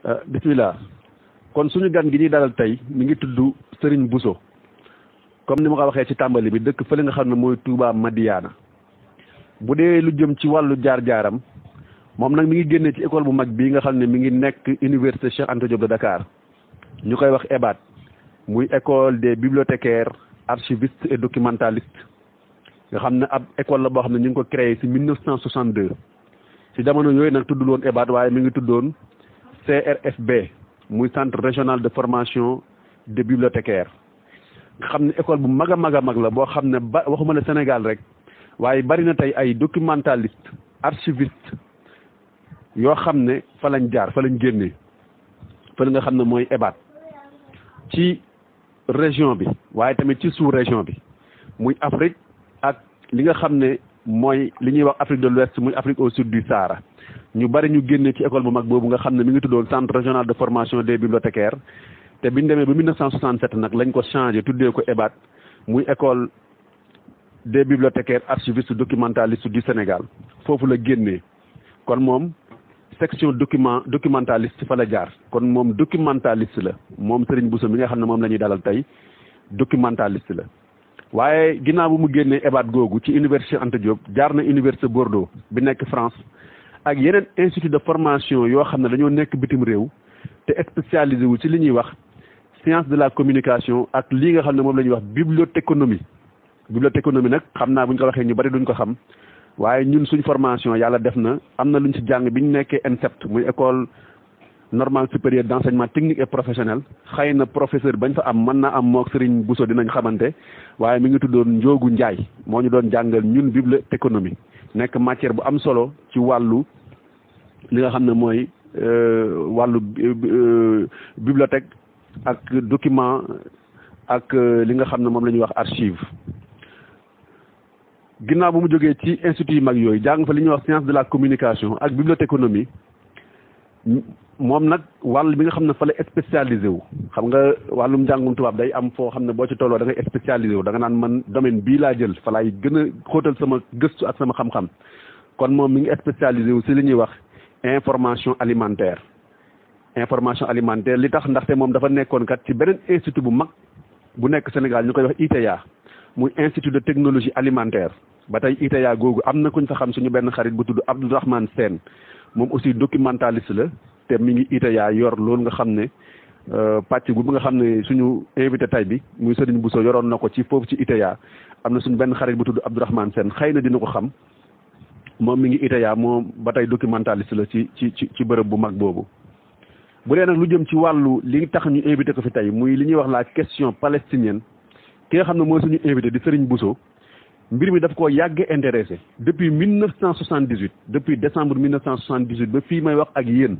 Euh, bismillah kon suñu gan gi ñuy dalal tey mu ngi tudd Serigne Bousso comme ni ma ko waxee ci tàmbali bi dëkk fële nga xam ne mooy Touba Madiana bu dee lu jëm ci wàllu jaar-jaaram moom nag mi ngi génnee ci école bu mag bii nga xam ne mi ngi nekk université Cheikh Anta Diop Dakar ñu koy wax EBAD muy école des bibliothécaires archivistes et documentalistes nga xam ne ab école la boo xam ne ñu ngi ko créé ci 1962 ci jamono yooyu nag tuddul woon EBAD waaye mi ngi tuddoon. CRFB muy centre régional de formation de bibliothécaires nga xam école bu mag a mag la boo xam ne ba waxuma la Sénégal rek waaye bari na tey ay documentaliste archiviste yoo xam ne fa lañ jaar fa lañ génnee fa la nga xam ne mooy EBAT ci région bi waaye tamit ci sous région bi muy Afrique ak li nga xam ne mooy li wax Afrique de l'Ouest muy Afrique au sud du Sahara ñu bari ñu génne ci école bu mag boobu nga xam ne mu ngi tuddoon centre régional de formation des bibliothécaires te biñ demee ba 1967 nag lañ ko changé tuddee ko EBAD muy école des bibliothécaires archivistes documentalistes du Sénégal foofu la génnee kon moom section document documentaliste fa la jaar kon moom documentaliste la moom Serigne Bousso mi nga xam ne moom la ñuy dalal tey documentaliste la waaye ginnaaw bu mu génnee EBAD googu ci université Anta Diop jaar na université Bordeaux bi nekk France ak yeneen institut de formation yoo xam ne dañoo nekk bitim réew te spécialisé wu ci li ñuy wax science de la communication ak lii nga xam ne moom la ñuy wax bibliothéconomie bibliothéconomie nag xam naa bu ñu ko waxee ñu bari duñ ko xam waaye ñun suñ formation yàlla def na am na lu ñu ci jàng bi ñu nekkee INSEPT muy école normale supérieure d'enseignement technique et professionnel xëy na professeur bañ fa am mën naa am mook Serigne Bousso dinañ xamante waaye mi ngi tuddoon Njoogu Njaay moo ñu doon jàngal ñun bibliothéconomie nekk matière bu am solo ci wàllu li nga xam ne mooy euh, wàllu euh, bibliothèque ak document ak euh, li nga xam ne moom la ñuy wax archive ginnaaw bu mu jógee ci institut yu mag yooyu jàng fa li ñu wax science de la communication ak bibliothéconomie mom nak walu bi nga xamne fa la spécialisé wu xam nga wàllum jangum tubaab day am fo xamne bo ci tolo da nga spécialisé wu da nga nan man domaine bi la jël fa lay gëna xotal sama gëstu ak sama xam-xam kon mom mi ngi spécialisé wu ci li ñuy wax information alimentaire information alimentaire li tax té mom dafa nekkon kat ci benen institut bu mag bu nekk Sénégal ñukoy wax ITEA muy institut de technologie alimentaire batay ITEA gogu Amna kuñ fa xam suñu benn xarit bu tudd Abdourahmane Sène moom aussi documentaliste la te mi ngi ITA yor loolu nga xam ne euh, pàcc gu bu nga xam ne suñu invité tay bi muy Serigne Bousso yoroon na ko ci foofu ci ITA am na suñu benn xarit bu tudd Abdourahmane Sène xëy na dina ko xam moom mi ngi ITA moom ba tey documentaliste la ci ci ci ci bërëb bu mag boobu. bu dee nag lu jëm ci wàllu li tax ñu invité ko fi tey muy li ñuy wax la question palestinienne ki nga xam ne mooy suñu invité di Serigne Bousso mbir mi daf koo yàgg intéressé depuis 1978 depuis décembre 1978 ba fii may wax ak yéen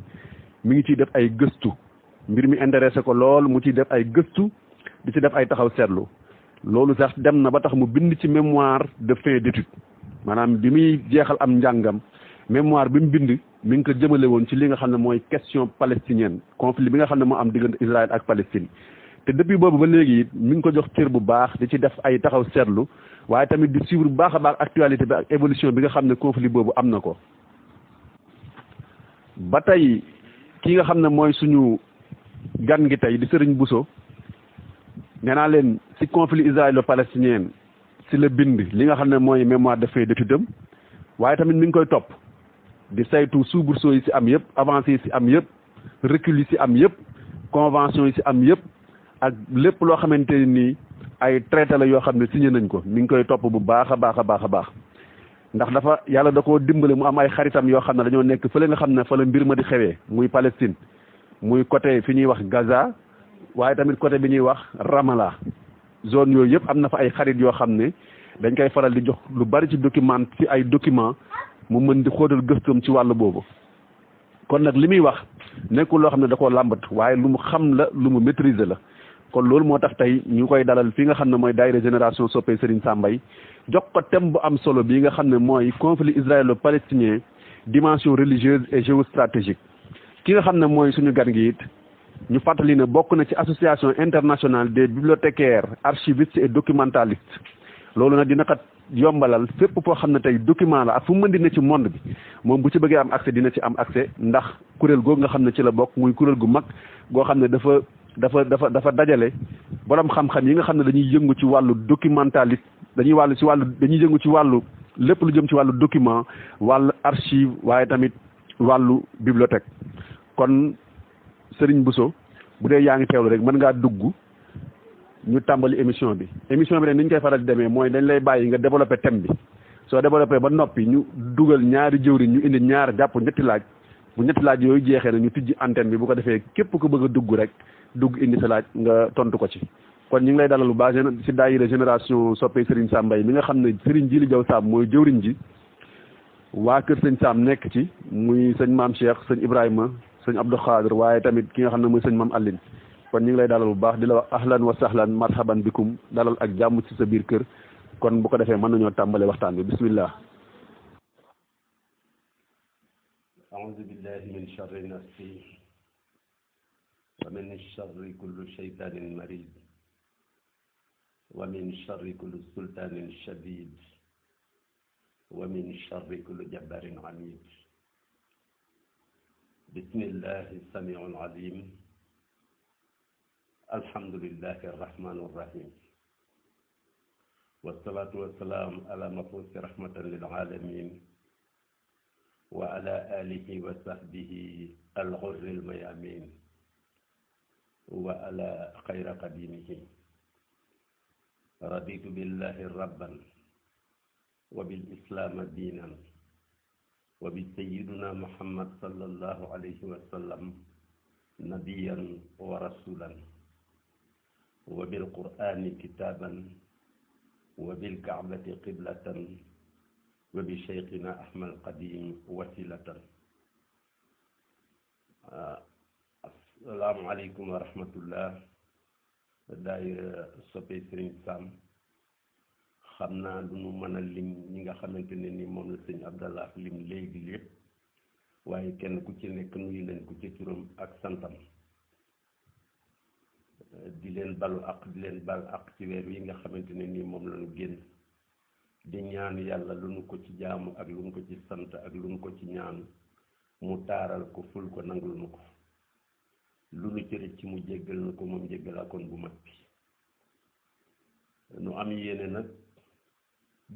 mi ngi ciy def ay gëstu mbir mi intéressé ko lool mu ciy def ay gëstu di ci def ay taxaw seetlu loolu sax dem na ba tax mu bind ci mémoire de fin d'étude maanaam bi muy jeexal am njàngam mémoire bi mu bind mu ngi ko jëmale woon ci li nga xam ne mooy question palestinienne conflit bi nga xam ne moo am diggante Israël ak Palestine te depuis boobu ba léegi mi ngi ko jox cër bu baax di ci def ay taxaw seetlu waaye tamit di suivre bu baax a baax actualité bi ak évolution bi nga xam ne conflit boobu am na ko ba tey ki nga xam ne mooy suñu gan gi tey di Serigne Bousso nee naa leen ci conflit israélo-palestinien ci la bind li nga xam ne mooy mémoire de fait d'étude am waaye tamit mi ngi koy topp di saytu soubresauts yi ci am yëpp avancées yi ci am yëpp recul yi ci am yëpp convention yi ci am yëpp ak lépp loo xamante nii ay traité la yoo xam ne signé nañ ko mi ngi koy topp bu baax a baax a baax a baax ndax dafa yàlla da koo dimbale mu am ay xaritam yoo xam ne dañoo nekk fële nga xam ne fa la ma di xewee muy Palestine muy côté fi ñuy wax Gaza waaye tamit côté bi ñuy wax Ramallah zone yooyu yëpp am na ay xarit yoo xam ne dañ koy faral di jox lu bari ci document ci ay document mu mën di xóotal gëstam ci wàll boobu kon nag li muy wax nekkul loo xam ne da koo làmbat waaye lu mu xam la lu mu maîtriser la kon loolu moo tax tey ñu koy dalal fi nga xam ne mooy daayira génération soppe Serigne Sambay jox ko thème bu am solo bi nga xam ne mooy conflit israélo-palestinien dimension religieuse et géostratégique ki nga xam ne mooy suñu gar gi it ñu fàttali ne bokk na ci association internationale des bibliothécaires archivistes et documentalistes loolu nag dina xat yombalal fépp foo xam ne tey document la ak fu mu mën di ne ci monde bi moom bu ci bëggee am accès dina ci am accès ndax kuréel googu nga xam ne ci la bokk muy kuréel gu mag dafa dafa dafa dajale borom xam-xam yi nga xam ne dañuy yëngu ci wàllu documentaliste dañuy wàllu ci wàllu dañuy yëngu ci wàllu lépp lu jëm ci wàllu document wàllu archive waaye tamit wàllu bibliothèque kon sëriñ bu so bu dee yaa ngi teewlu rek mën ngaa dugg ñu tàmbali émission bi émission bi nag ni ñu koy faral di demee mooy dañ lay bàyyi nga développé thème bi soo développé ba noppi ñu dugal ñaari jëwriñ ñu indi ñaar gàpp ñetti laaj bu ñetti laaj yooyu jeexee na ñu tijji antenne bi bu ko defee képp ku bëgg dugg rek dugg indi sa laaj nga tontu ko ci kon ñu ngi lay dalal bu baax si daayira génération soppe Serigne Sam Mbaye mi nga xam ne Serigne Jili Jaw Sam mooy jëwriñ ji waa kër sëñ Sam nekk ci muy sëñ maam Cheikh sëñ Ibrahima sëñ Abdou Khadir waaye tamit ki nga xam ne mooy sëñ maam Aline kon ñu ngi lay dalal bu baax di la wax ahlan wa sahlan marhaban bikum dalal ak jàmm ci sa biir kër kon bu ko defee mën nañoo tàmbali waxtaan bi bismillah aouzu ومن الشر كل شيطان مريض ومن شر كل سلطان شديد ومن شر كل جبار عنيد بسم الله السميع العليم الحمد لله الرحمن الرحيم والصلاة والسلام على مبعوث رحمة للعالمين وعلى آله وصحبه الغر الميامين وعلى خير قديمه رضيت بالله ربا وبالإسلام دينا وبسيدنا محمد صلى الله عليه وسلم نبيا ورسولا وبالقرآن كتابا وبالكعبة قبلة وبشيخنا أحمد القديم وسيلة آه، salaamualeykum wa rahmatullah daayira soppe Serigne Sam xam naa du ñu mën a lim ñi nga xamante ne ni moom la sëñ Abdallah lim léegi lépp waaye kenn ku ci nekk nuyu nañ ko ci turam ak santam di leen balu ak di leen bal ak ci weer yi nga xamante ne ni moom la ñu génn di ñaan yàlla lu nu ko ci jaamu ak lu nu ko ci sant ak lu nu ko ci ñaanu mu taaral ko ful ko nangul nu ko lu nu cëri ci mu jéggal na ko moom jéggalaakoon bu mag bi nu am yéene nag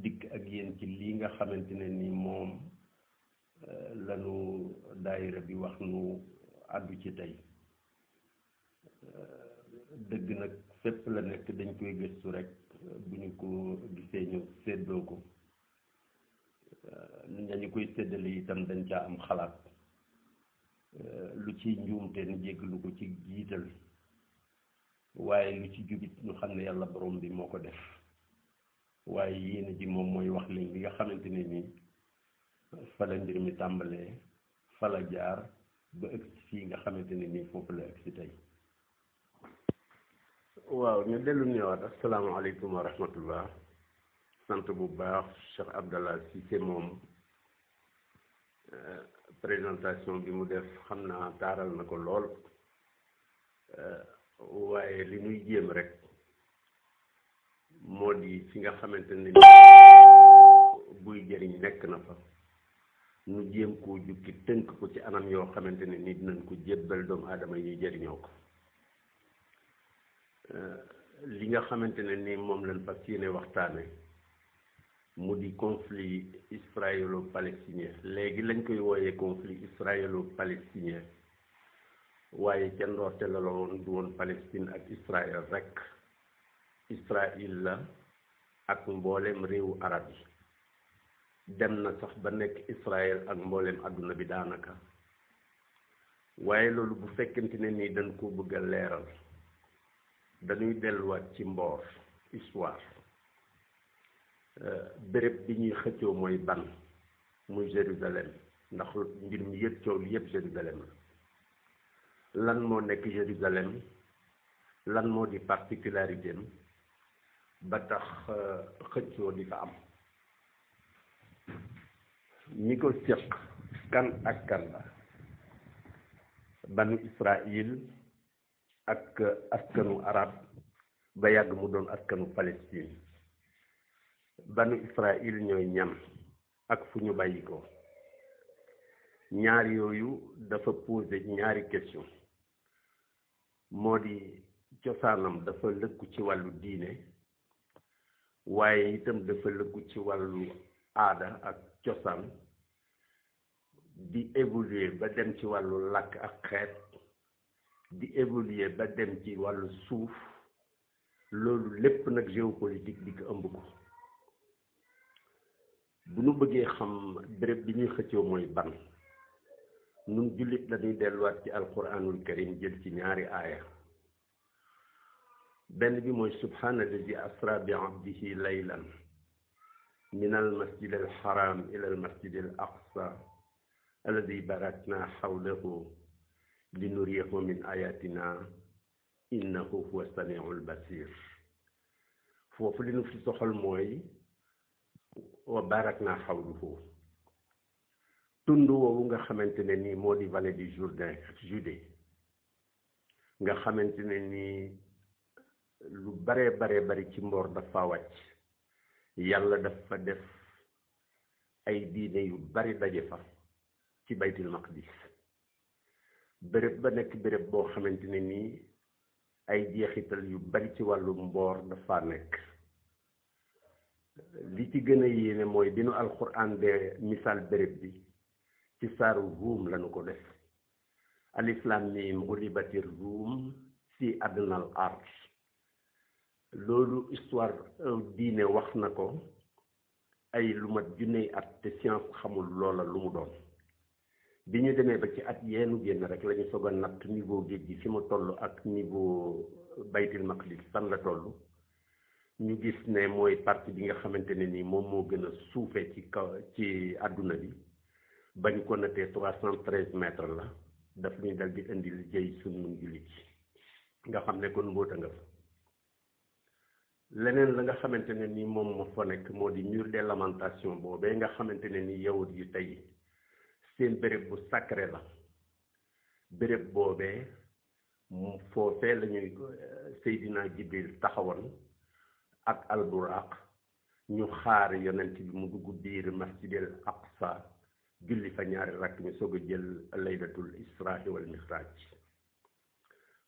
dikk ak yéen ci lii nga xamante ne ni moom euh, lanu daayira bi wax nu àddu ci tey euh, dëgg nag fépp la nekk dañ koy gëstu rek bu ñu ko gisee ñëw séddoo ko nañu euh, koy séddale itam dañ caa am xalaat Euh, lu ci njuumte nu jéggalu ko ci jiital waaye lu ci jubit ñu xam ne yàlla borom bi moo ko def waaye yéene ji moom mooy wax leen li nga xamante ne nii fala mbir mi tàmbalee fala jaar ba ëgg fii nga xamante ne nii foofu la ëgg si tey waaw ñu dellu ñëwaat asalaamaaleykum wa rahmatullah sant bu baax Cheikh Abdallah Cissé moom euh, présentation bi mu def xam naa taaral na ko lool euh, waaye li muy jéem rek moo di fi nga xamante ne buy jëriñ nekk na fa ñu jéem koo jukki tënk ko ci anam yoo xamante ne ni dinañ ko jébbal doomu aadama yi jëriñoo ko euh, li nga xamante ne ni moom lañ fas yéene waxtaane mu di conflit israélo-palestinien léegi lañ koy wooyee conflit israélo-palestinien waaye ca ndoorte la woon du woon Palestine ak Israël rek Israël la ak mboolem réewu arab yi dem na sax ba nekk Israël ak mbooleem àdduna bi daanaka waaye loolu bu fekkente ne nii dañ ko bëgg leeral dañuy delluwaat ci mboor histoire Euh, bërëb bi ñuy xëccoo mooy ban muy Jérusalem ndax mbir mi yëpp coow li yëpp Jérusalem la lan moo nekk Jérusalem lan moo di particularité am ba tax euh, xëccoo di fa am ñi ko séq kan ak kan la banu Israël ak euh, askanu arab ba yàgg mu doon askanu Palestine banu Israël ñooy ñan ak fu ñu bàyyi ñaar yooyu dafa posé ñaari question moo di cosaanam dafa lëkku ci wàllu diine waaye itam dafa lëkku ci wàllu aada ak cosaan di évoluer ba dem ci wàllu làkk ak xeet di évoluer ba dem ci wàllu suuf loolu lépp nag géopolitique di ko ëmb ko bu nu bëggee xam béréb bi ñuy xëccoo mooy ban nun jullit la ñuy delluwaat ci alquranul karim jël ci ñaari aaya benn bi mooy subhaanalladi asra bi abdihi laylan min almasjid alxaram ila almasjid alaqsa aqsa alladi barakna xawlahu linuriyahu min ayatina innahu huwa samiu albasir foofu li nu fi soxal mooy wa barak naa xawluhu tund woowu nga xamante ne nii moo di vallée du Jourdain ak Judée nga xamante ne nii lu bare bare bari ci mboor dafa wàcc yàlla dafa def ay diine yu bari daje fa ci baytul maqdis béréb ba nekk béréb boo xamante ne nii ay jeexital yu bari ci wàllu mboor dafa nekk li ci gën a yéeme mooy bi nu alxuraan de misaal béréb bi ci saaru ruum lañu ko def alif lam mim gulibati ruum si adnal ard loolu histoire euh, diine wax na ko ay lu mat junney at te science xamul loola lu mu doon bi ñu demee ba ci at yeenu génn rek la ñu soog a natt niveau géej gi fi ma toll ak niveau euh, baytil maqdis fan la toll ñu gis ne mooy parti bi nga xamante ne nii moom moo gën a suufe ci kaw ci àdduna bi bañ ko natee trois cent treize mètres la daf ñuy dal di indi li suñu jullit yi nga xam ne kon mbóota nga fa leneen la nga xamante ne nii moom moo fa nekk moo di mur des lamentations boobee nga xamante ne nii yawut yi tey seen béréb bu sacré la béréb boobee foofee lañuy Seydina Jibril taxawoon ak alburaq ñu xaar yonent bi mu dugg biir masjidil aqsa julli fa ñaari rakk ñu soog a jël laylatul israhi wal mihraj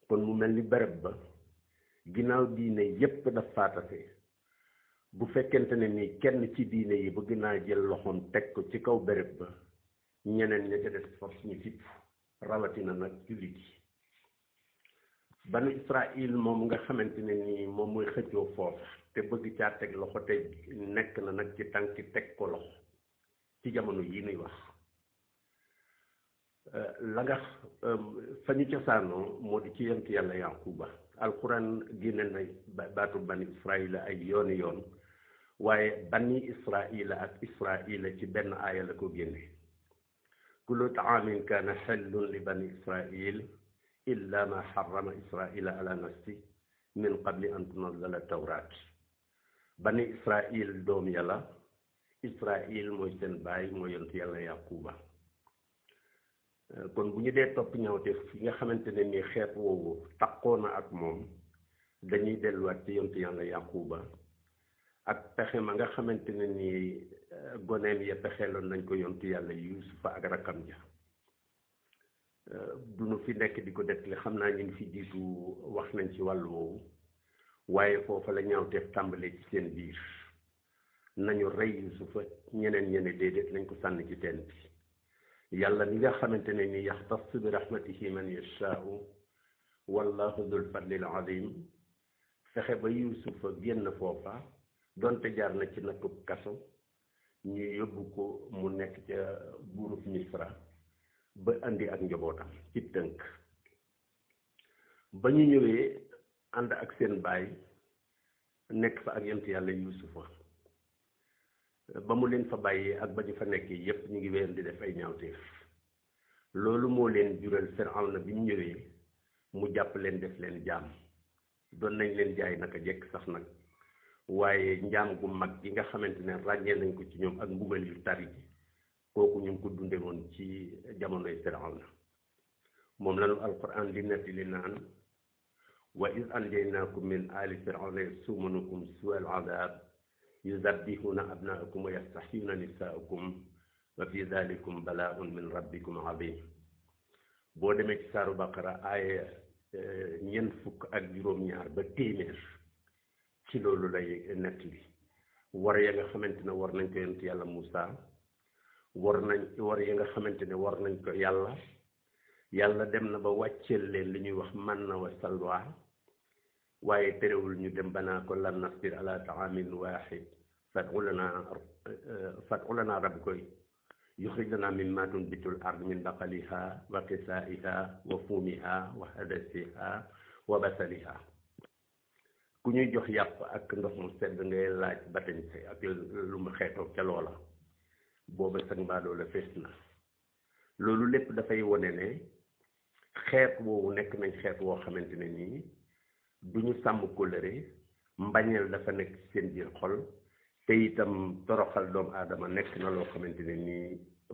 kon mu mel ni béréb ba ginnaaw diine yépp daf faatase bu fekkente ne ni kenn ci diine yi bëgg naa jël loxoom teg ko ci kaw béréb ba ñeneen ña ca des force ñu fipp rawatina nag jullit yi banu israil moom nga xamante ne ni moom mooy xëccoo foofu te bëgg ci teg loxo te nekk na nag ci tànki teg ko loxo ci jamono yi nuy wax la nga fa ñu cosaanoo moo di ci yent yàlla yaquba alquran génne na baatu bani israila ay yooni yoon waaye bani israila ak israila ci benn aaya la ko génne kullu taamin kana xellun li bani israil illa ma xarama israila ala nafsi min qabli an tunazala tawraat bani israil doom yàlla israil mooy seen baay mooy yontu yàlla yaquba kon bu ñu dee topp ñawteef yi nga xamante ne nii xeet woowu taqoo na ak moom dañuy delluwaat ci yontu yàlla yaquba ak pexe ma nga xamante ne ni euh, goneem ya pexeeloon nañ ko yontu yàlla yusufa ak rakam ja du euh, nu fi nekk di ko def li xam naa ñun fi jiitu wax nañ ci wàll woowu waaye foofa la ñaawteef tàmbalee ci seen biir nañu rey yusufa ñeneen ñene déedéet nañ ko sànni ci teen bi yàlla mi nga xamante ne ni yaxtas bi rahmatihi man yashaau wallahu dul fadlil azim fexe ba yusufa génn foofa donte jaar na ci nattub kaso ñu yóbbu ko mu nekk ca buurub misra ba indi ak njobootam ci tënk ba ñu ñëwee ànd ak seen baay nekk fa ak yonent yàlla yuusufa ba mu leen fa bàyyee ak ba ñu fa nekkee yépp ñu ngi wéyal di def ay ñaawteef loolu moo leen jural Firawna bi mu ñëwee mu jàpp leen def leen jaam doon nañ leen jaay naka jekk sax nag waaye njaam gu mag gi nga xamante ne ràññee nañ ko ci ñoom ak mbugal yu tari kooku ñu ngi ko dundee woon ci jamonoy na moom lanu alquran di nettali naan وإذ أنجيناكم من آل فرعون يسومونكم سوء العذاب يذبحون أبناءكم ويستحيون نساءكم وفي ذلك بلاء من ربكم عظيم بودي مكسار بقرة آية ينفك أجروم يار بتيمير كيلو لولاي نتلي war ya nga xamantene war nañ ko yent yalla musa war nañ war ya nga xamantene war nañ ko waaye terewul ñu dem banaa ko lan nasbir ala taamin waxid fad'u lana fad'u lana rabbuka يخرج لنا مما تنبت الأرض من بقلها وكسائها وفومها وحدثها وبصلها ku ñuy jox yàpp ak ndox mu sedd ngay laaj batañ si ak lu mu xeetoo ca loola booba sag mbaadoo la fees na loolu lépp dafay wone ne xeet woowu nekk nañ xeet woo xamante ne nii du ñu sàmm kóllëre mbañeel dafa nekk seen biir xol te itam toroxal doomu aadama nekk na loo xamante ne nii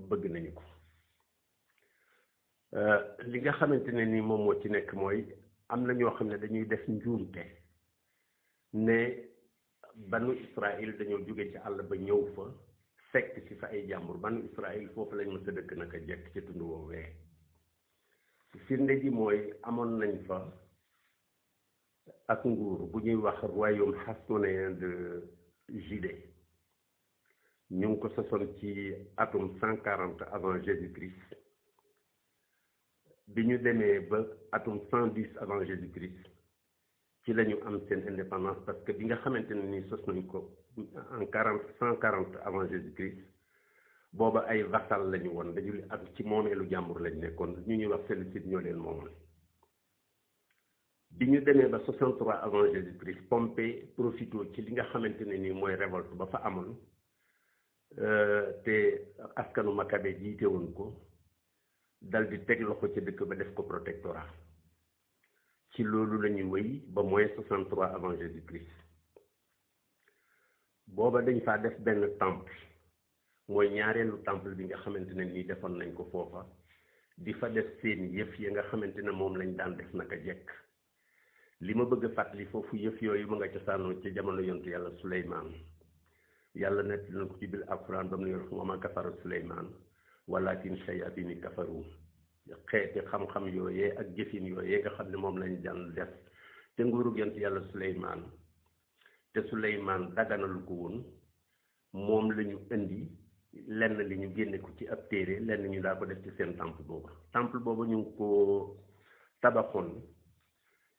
bëgg nañu ko euh, li nga xamante ne nii moom moo ci nekk mooy am na ñoo xam ne dañuy def njuumte ne banu Israël dañoo jóge ci àll ba ñëw fa fekk ci fa ay jàmbur banu Israël foofu lañ mës a dëkk naka jekk ci tund woowee nde ji mooy amoon nañ fa ak nguur bu ñuy royaume de Judée ñu ngi avant Jésus-Christ Nous sommes ba avant Jésus-Christ ci am indépendance parce que bi nga xamante ni en 40-140 avant Jésus-Christ booba ay vassal lañu won dañu bi ñu demee ba 63 avant Jésus-Christ Pompée profito ci li nga xamante ne nii mooy révolte ba fa amoon euh, te askanu Makabe jiite woon ko dal di teg loxo ci dëkk ba def ko protectorat ci loolu lañuy ñuy wéy ba moins 63 avant Jésus-Christ booba dañ faa def benn temple mooy ñaareelu temple bi nga xamante ne nii defoon nañ ko foofa di fa def seen yëf yi nga xamante ne moom lañ daan def naka jekk li ma bëgg a fàttali foofu yëf yooyu ma nga cosaanoo ci jamono yontu yàlla suleymaan yàlla nett na ko ci bil alquran ba mu ne wa ma kafara suleymaan walakin shayatini kafaru xeeti xam-xam yooyee ak jëfin yooyee nga xam ne moom lañu daan def te nguurug yontu yàlla suleymaan te suleymaan daganalu ko woon moom lañu indi lenn li ñu génne ko ci ab téere lenn ñu daa ko def ci seen temple booba temple booba ñu ngi ko tabaxoon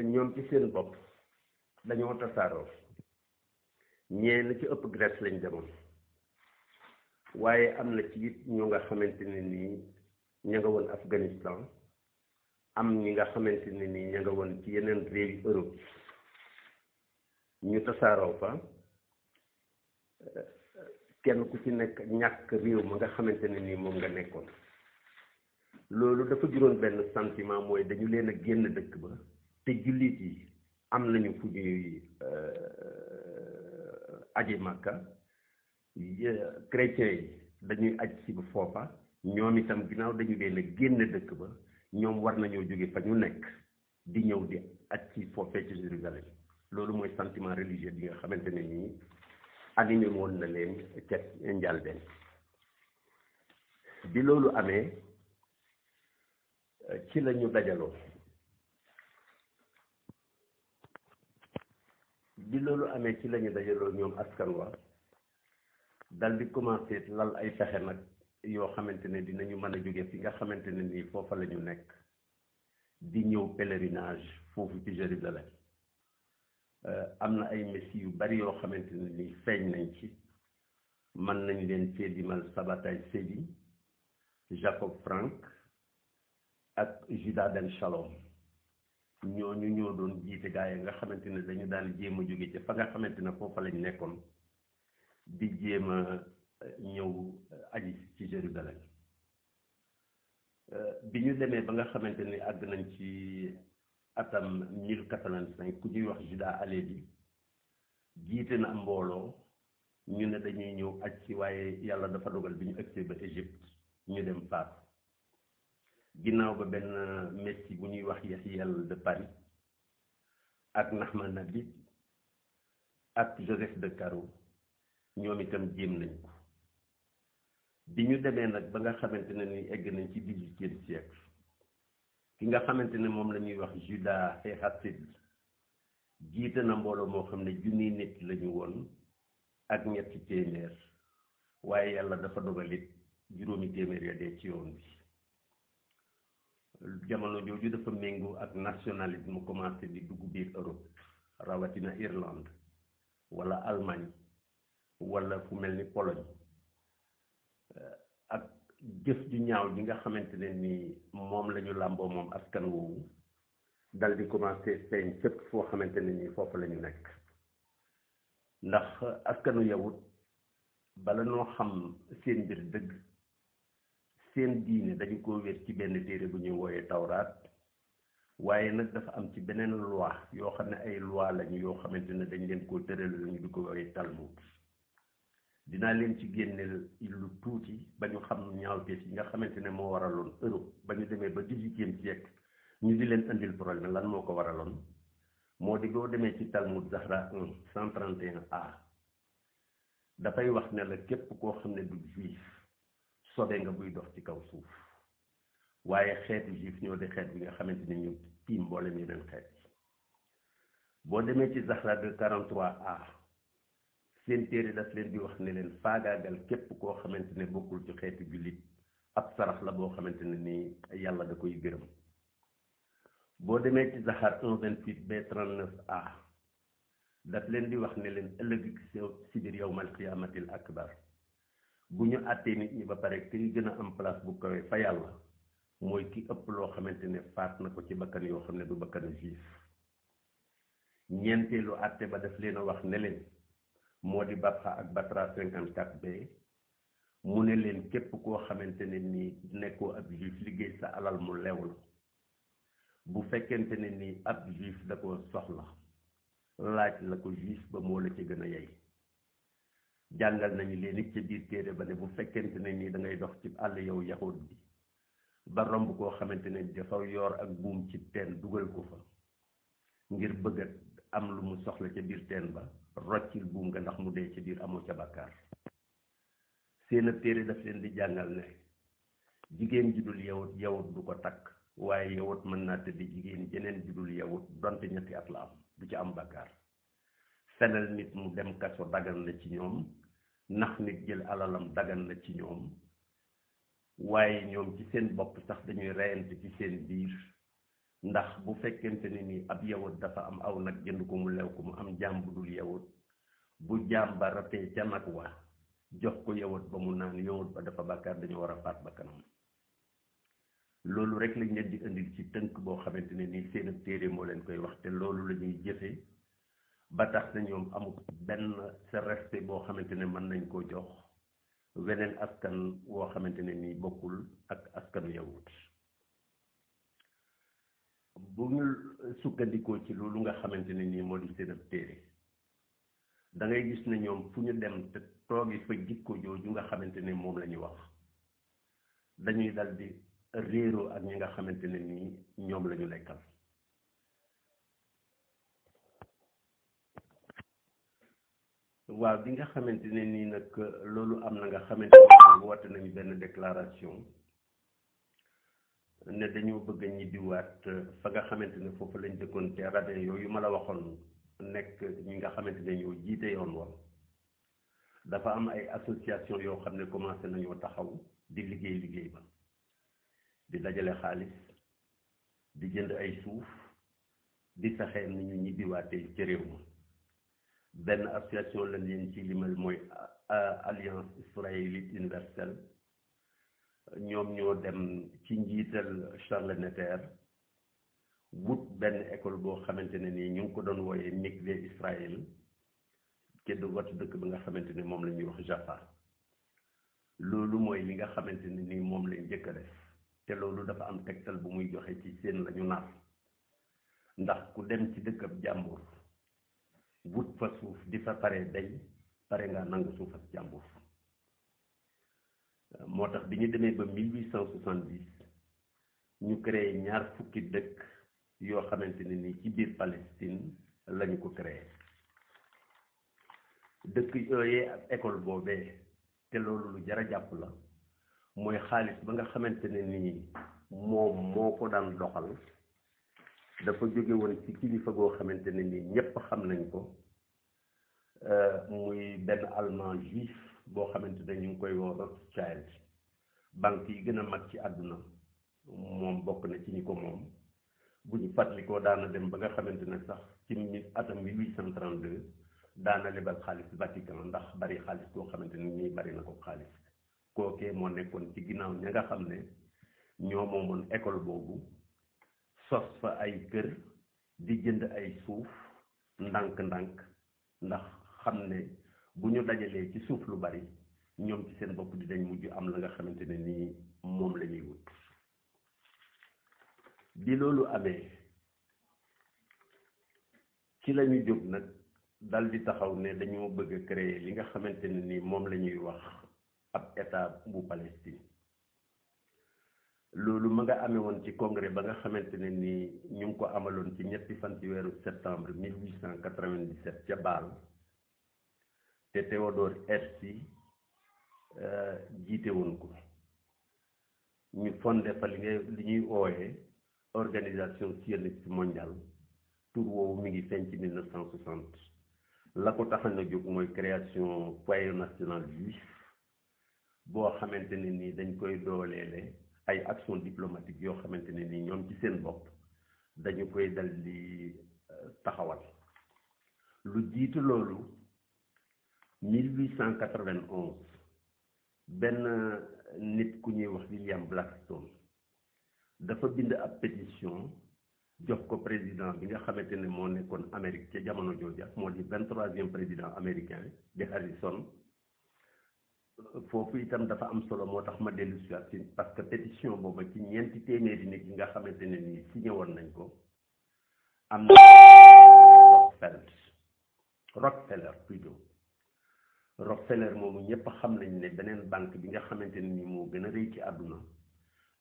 que ñoom ci seen bopp dañoo tasaaroo ñee ci ëpp Grèce lañ demoon waaye am na ci it ñu nga xamante ne nii ña nga woon Afghanistan am ñi nga xamante ne nii ña nga woon ci yeneen réew yu Europe ñu tasaaroo fa kenn ku ci nekk ñàkk réew ma nga xamante ne nii moom nga nekkoon loolu dafa juróon benn sentiment mooy dañu leen génn dëkk ba te jullit yi am nañu fu ñuy euh, aji màkka chrétiens yi dañuy aj si foofa ñoom itam ginnaaw dañu leen a génn dëkk ba ñoom war nañoo jóge fa ñu nekk di ñëw di aj si foofee ci Jérusalem loolu mooy sentiment religieux bi nga xamante ne nii animé woon na leen ca njàlbeen bi loolu amee ci la ñu dajaloo bi loolu amee ci lañu dajaloo ñoom askan wa dal di commencé lal ay pexe nag yoo xamante ne dinañu mën a jóge fi nga xamante ne nii foofa la nekk di ñëw pèlerinage foofu ci Jérusalem euh, am na ay messi yu bari yoo xamante ne nii feeñ nañ ci mën nañ leen cee dimal Sabbatai Sedi Jacob Frank ak Judah Ben Shalom ñu ñoo doon jiite gaa nga xamante ne dañu daan jéema a jóge ci fa nga xamante ne foofa lañ nekkoon di jéem a eh, ñëw eh, aji ci Jérusalem eh, bi ñu demee ba nga xamante ni àgg nañ ci atam 1085 ku ñuy wax Juda Alevi jiite na mbooloo ñu ne dañuy ñëw aj ci waaye yàlla dafa dogal bi ñu agsee ba Égypte ñu dem faat ginnaaw ba benn Messi bu ñuy wax Yaciel de Paris ak Naxman Nabi ak Joseph de Caro ñoom itam jéem nañ ko bi ñu demee nag ba nga xamante ne ni egg nañ ci dix-huitième siècle ki nga xamante ne moom lañuy wax Judas Heysel jiite na mbooloo moo xam ne junniy nit la ñu woon ak ñetti téeméer waaye yàlla dafa dogal it juróomi téeméer ya dee ci yoon bi jamono jooju dafa méngoo ak nationalisme commencé di dugg biir Europe rawatina Irlande wala Allemagne wala fu mel ni Pologne ak jëf ju ñaaw ji nga xamante ne nii moom la ñu làmboo moom askan woowu dal di commencé feeñ fépp foo xamante ne ni foofu la nekk ndax askanu yawut bala noo xam seen mbir dëgg seen diine dañu ko wér ci benn téere bu ñuy wooyee tawraat waaye nag dafa am ci beneen loi yoo xam ne ay loi lañu yoo xamante ne dañ leen koo tërale ñu di ko wooyee talmud dinaa leen ci génneel lu tuuti ba ñu xam ñaawteef yi nga xamante ne moo waraloon Europe ba ñu demee ba dix-huitième siècle ñu di leen andil problème lan moo ko waraloon moo di koo demee ci Talmud Zahra 1 131 a dafay wax ne la képp koo xam ne du juif sobee nga buy dox ci kaw suuf waaye xeetu juif ñoo di xeet bi nga xamante ni ñu tiim mboolem yeneen xeet boo demee ci Zahra 243a seen téere daf leen di wax ne leen faagaagal képp koo xamante ne bokkul ci xeetu jullit ab sarax la boo xamante ne ni yàlla da koy gërëm boo demee ci Zahar 128 b 39a daf leen di wax ne leen ëllëg si biir yow mal qiyaamatil akbar bu ñu àttee nit ñi ba pare ki gën a am place bu kawe fa yàlla mooy ki ëpp loo xamante ne faat na ko ci bakkan yoo xam ne du bakkanu juif ñeenteelu àtte ba daf leen a wax ne leen moo di batxa ak batra 54 b mu ne leen képp koo xamante ne nii nekkoo ab juif liggéey sa alal mu lew la bu fekkente ne nii ab juif da ko soxla laaj la ko juif ba moo la ci gën a yey jàngal nañu leen it ca biir téere ba ne bu fekkente ne nii da ngay dox ci àll yow yaxut bi ba romb koo xamante ne dafa yoor ak buum ci teen dugal ko fa ngir bëgg am lu mu soxla ca biir teen ba roccil buum nga ndax mu dee ca biir amoo ca bàkkaar seen ab téere daf leen di jàngal ne jigéen ju dul yawut yawut du ko takk waaye yawut mën naa tëdd jigéen jeneen ju dul yawut donte ñetti at la am du ci am bàkkaar fenal nit mu dem kaso dagal na ci ñoom ndax nit jël alalam dagan na ci ñoom waaye ñoom ci seen bopp sax dañuy reyante ci seen biir ndax bu fekkente ne nii ab yawut dafa am aw nag jënd ko mu lew ko mu am jaam bu dul yawut bu jaam ba ratee ca nag wa jox ko yawut ba mu naan yawut ba dafa bàkkaar dañu war a faat ba kanam loolu rek lañ leen di indil ci tënk boo xamante ne nii seen ab téere moo leen koy wax te loolu la ñuy jëfee ba tax na ñoom amul benn sa respect boo xamante ne mën nañ koo jox weneen askan woo xamante ne nii bokkul ak askanu yawut bu ñu sukkandikoo ci loolu nga xamante ne nii moo di seen ab téere da gis ne ñoom fu ñu dem te toogi fa jikko jooju nga xamante ne moom la ñu wax dañuy dal di réeroo ak ñi nga xamante ne nii ñoom lañu ñu waaw bi nga xamante ne nii nag loolu am na nga xamante ne woote nañu benn déclaration ne dañoo bëgg a ñibbiwaat euh, fa nga xamante ne foofu lañ dëkkoon te rabin yooyu ma la waxoon nekk ñi nga xamante ne ñoo jiite yoon woon dafa am ay association yoo xam ne commencé nañoo taxaw di liggéey liggéey ba di dajale xaalis di jënd ay suuf di saxee ni ñu ñibbiwaatee ci réew benn association lañ leen ci limal mooy alliance israélite universelle ñoom ñoo dem ci njiital Charles Netter wut benn école boo xamante ne nii ñu ngi ko doon wooyee Mikve Israël te du wat dëkk ba nga xamante ni moom lañuy wax Jaffa loolu mooy li nga xamante ne nii moom lañ njëkk te loolu dafa am tegtal bu muy joxe ci seen la ñu ndax ku dem ci dëkkab jàmbur. wut fa suuf di fa pare day pare ngaa nangu suuf ak jàmbur euh, moo tax bi ñu demee ba 1870 ñu créé ñaar fukki dëkk yoo xamante ne ni ci biir Palestine lañu ko créé dëkk yooyee ak école boobee te loolu lu jara jàpp la mooy xaalis ba nga xamante ne ni moom moo ko daan doxal dafa jóge woon ci kilifa goo xamante ne ni ñépp xam nañ ko euh, muy benn allemand juif boo xamante ne ñu ngi koy woo Rothschild banque yi gën a mag ci àdduna moom bokk na ci ñi ko moom bu ñu fàttalikoo daana dem ba nga xamante ne sax ci mi atam 1832 daana lebal xaalis Vatican ndax bari xaalis boo xamante ni nii bari na ko xaalis kookee moo nekkoon ci ginnaaw ña nga xam ne ñoo moomoon école boobu sos fa ay kër di jënd ay suuf ndànk-ndànk ndax xam ne bu ñu dajalee ci suuf lu bari ñoom ci seen bopp di dañ mujj am la nga xamante ne nii moom lañuy ñuy wut bi loolu amee ci la ñu jóg nag dal di taxaw ne dañoo bëgg a créer li nga xamante ne nii moom la ñuy wax ab état bu Palestine loolu ma nga ame woon ci congrès ba nga xamante ne ni ñu ngi ko amaloon ci ñetti fan ci weeru septembre 1897 ca Bâle te Théodore Herzl euh, jiite woon ko ñu fondé fa li ngay li ñuy ooyee organisation sioniste mondiale tur woowu mi ngi feeñ ci 1960 la ko taxal na jóg mooy création foyer national juif boo xamante ne ni dañ koy dooleele ay action diplomatique yoo xamante ne ni ñoom ci seen bopp dañu koy dal di euh, taxawal lu jiitu loolu 1891 benn euh, nit ku ñuy wax William Blackstone dafa bind ab pétition jox ko président bi nga xamante ne moo nekkoon Amérique ca jamono jooja moo di 23e président américain de Harrison foofu itam dafa am solo moo tax ma dellu si parce que pétition booba ci ñeenti téeméeri nit yi nga xamante ne nii signé woon nañ ko am na Rockefeller Rockefeller plutôt Rockefeller moomu ñëpp xam nañ ne beneen banque bi nga xamante ne nii moo gën a rëy ci àdduna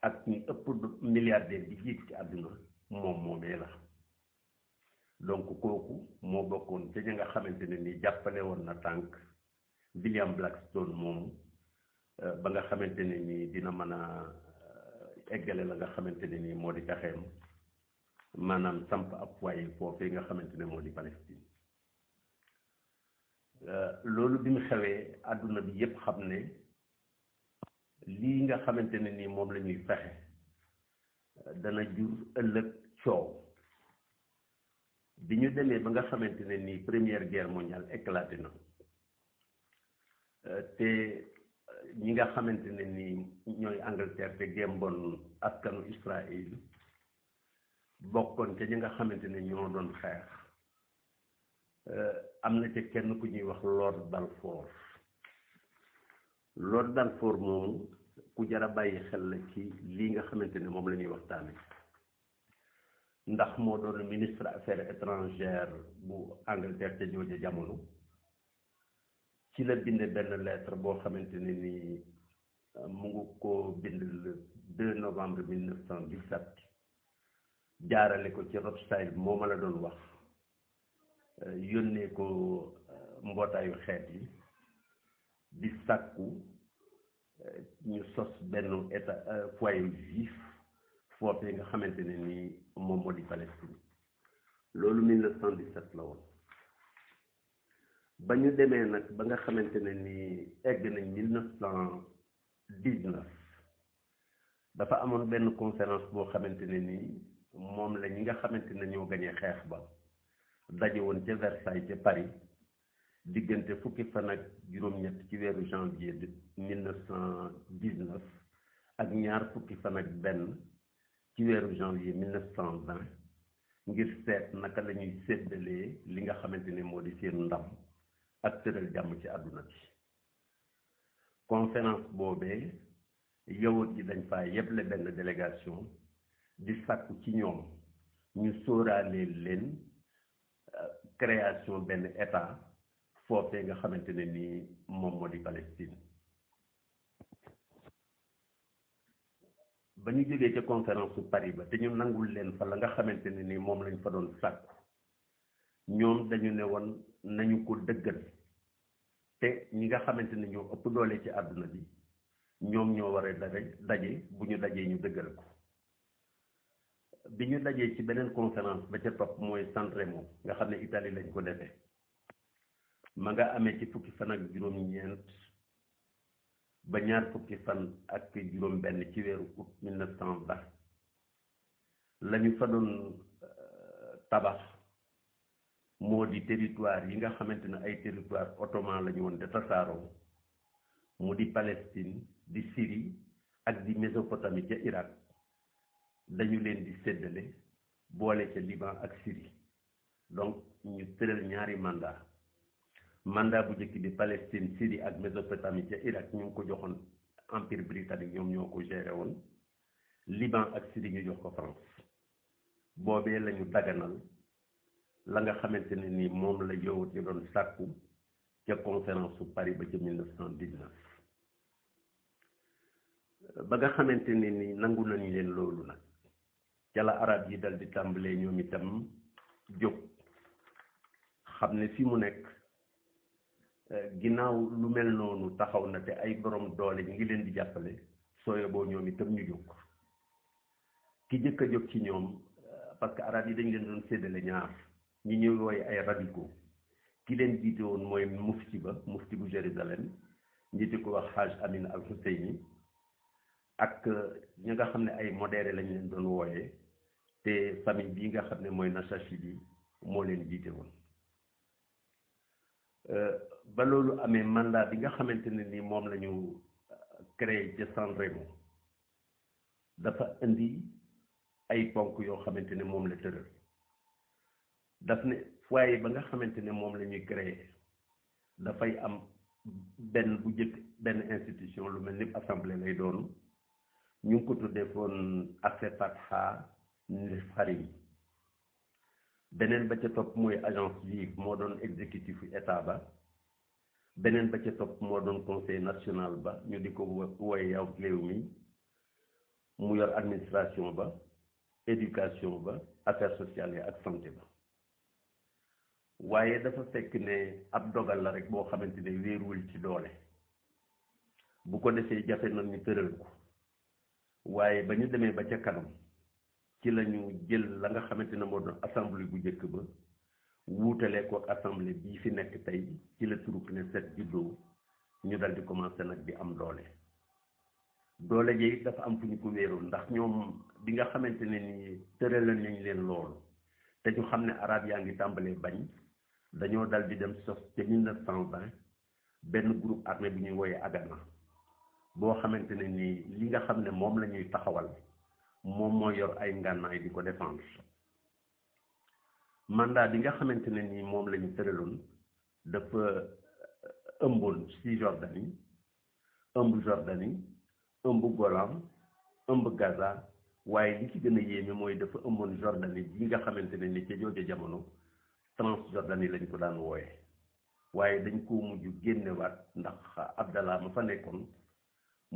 ak ñi ëpp milliardaire bi jiit ci àdduna moom moomee la donc kooku moo bokkoon ca nga xamante nii jàppale woon na tànk William Blackstone moom euh, ba nga xamante ne nii dina mën a euh, eggale la nga xamante ne nii moo di jaxeem maanaam samp ab foyer foofee nga xamante ne moo di Palestine euh, loolu bi mu xewee àdduna bi yépp xam ne lii nga xamante ne nii moom la ñuy fexe dana jur ëllëg coow bi ñu demee ba nga xamante ne nii première guerre mondiale éclaté na te ñi nga xamante ne nii ñooy Angleterre te gémboon askanu Israël bokkoon ca ñi nga xamante ne ñoo doon xeex eh, am na ca kenn ku ñuy wax Lord Balfour Lord Balfour moom ku jar a bàyyi xel la ci lii nga xamante ne moom la ñuy ndax moo doon ministre affaires étrangères bu Angleterre te jooja jamono ci la bind benn lettre boo xamante ne euh, mu le 2 novembre 1917 jaarale ko ci Rothschild la doon wax euh, yónnee ko euh, mbootaayu xeet yi di sàkku ñu sos benn état foyer vif foofee nga xamante di Palestine ba ñu demee nag ba nga xamante ne ni egg nañ mille neuf cent dix dafa amoon benn conférence boo xamante ne nii moom la ñi nga xamante ne ñoo gañee xeex ba daje woon ca Versailles ca Paris diggante fukki fan ak juróom-ñett ci weeru janvier de mille neuf cent dix ak ñaar fukki fan benn ci weeru janvier mille neuf cent vingt ngir seet naka la ñuy li nga xamante ne moo di seen ndam ak tëral jàmm ci àdduna bi conférence boobee yawut yi dañ faa yeble benn délégation di sàkku ci ñoom ñu sóoraaleel leen euh, création benn état foofee nga xamante ne ni moom moo di Palestine ba ñu jógee ca conférence Paris ba te ñu nangul leen fa la nga xamante ne ni moom lañ fa doon sàkku ñoom dañu ne woon nañu ko dëggal te ñi nga xamante ne ñoo ëpp doole ci àdduna bi ñoom ñoo war a daje bu ñu dajee ñu dëggal ko bi ñu dajee ci beneen conférence ba ca topp mooy Sanremo nga xam ne Italie lañ ko defee ma nga amee ci fukki fan ak juróom-ñeent ba ñaar fukki fan ak juróom-benn ci weeru août 1920 la ñu fa doon euh, tabax. moo di territoire yi nga xamante ne ay territoire ottoman la ñu woon de tasaaroo mu di Palestine di Syrie ak di Mésopotamie ca Irak dañu leen di seddale boole ca Liban ak Syrie donc ñu tëral ñaari mandat mandat bu njëkk bi Palestine Syrie ak Mésopotamie ca Irak ñu ngi ko joxoon empire britannique ñoom ñoo ko géré woon Liban ak Syrie ñu jox ko France boobee lañu daganal la nga xamante ne nii moom la yow ci doon sàkku ca conférence su Paris ba ca 1919 ba nga xamante ne ni nangu nañ leen loolu nag ca la arab yi dal di tàmbalee ñoom itam jóg xam ne fi mu nekk ginnaaw lu mel noonu taxaw na te ay borom doole ñu ngi leen di jàppale soo boo ñoom itam ñu jóg ki jëkk a jóg ci ñoom parce que arab yi dañ leen doon séddale ñaar ñu ñëw mooy ay radicaux ki leen jiite woon mooy mufti ba mufti bu Jérusalem njiite ko wax Hajj Amin al Husseini ak euh, ñi nga xam ne ay modere lañ leen doon wooyee te famille bii nga xam ne mooy bi moo leen jiite woon euh, ba loolu amee mandat bi nga xamante ne ni moom lañu ñu euh, créé ca Sanremo dafa indi ay ponk yoo xamante ne moom la tëral daf ne foyer ba nga xamante ne moom la ñuy créer dafay am benn bu jëkk benn institution lu mel ni assemblée lay doon ñu ngi ko tuddee foon ACFATHA Nefari beneen ba ca topp mooy agence vive moo doon exécutif état ba beneen ba ca topp moo doon conseil national ba ñu di ko wooye yow réew mi mu yor administration ba éducation ba affaires sociales yi ak santé ba waaye dafa fekk ne ab dogal la rek boo xamante ne wéeruwul ci doole bu ko defee jafe na ñu tëral ko waaye ba ñu demee ba ca kanam ci lañu jël la nga xamante ne moo doon assemblée bu njëkk ba wuutale ko ak assemblée bii fi nekk tey ci la turu Knesset juddoo ñu dal di commencé nag di am doole doole ji dafa am fu ñu ko wéeroon ndax ñoom bi nga xamante ne ni tëralal nañ leen lool te ñu xam ne arab yaa ngi tàmbalee bañ dañoo dal bi dem sos ca 1920 benn groupe armé bu ñuy wooyee Agana boo xamante ne nii li nga xam ne moom la ñuy taxawal moom moo yor ay ngànnaay di ko défendre mandat bi nga xamante ne nii moom lañu ñu tëraloon dafa euh, ëmboon ci Jordanie ëmb Jordanie ëmb Golan ëmb Gaza waaye li ci gën a yéeme mooy dafa ëmboon Jordanie bi nga xamante ne ni ca jooja jamono. Transjordanie lañ ko daan wooye waaye dañ koo mujj génnewaat ndax Abdallah mu fa nekkoon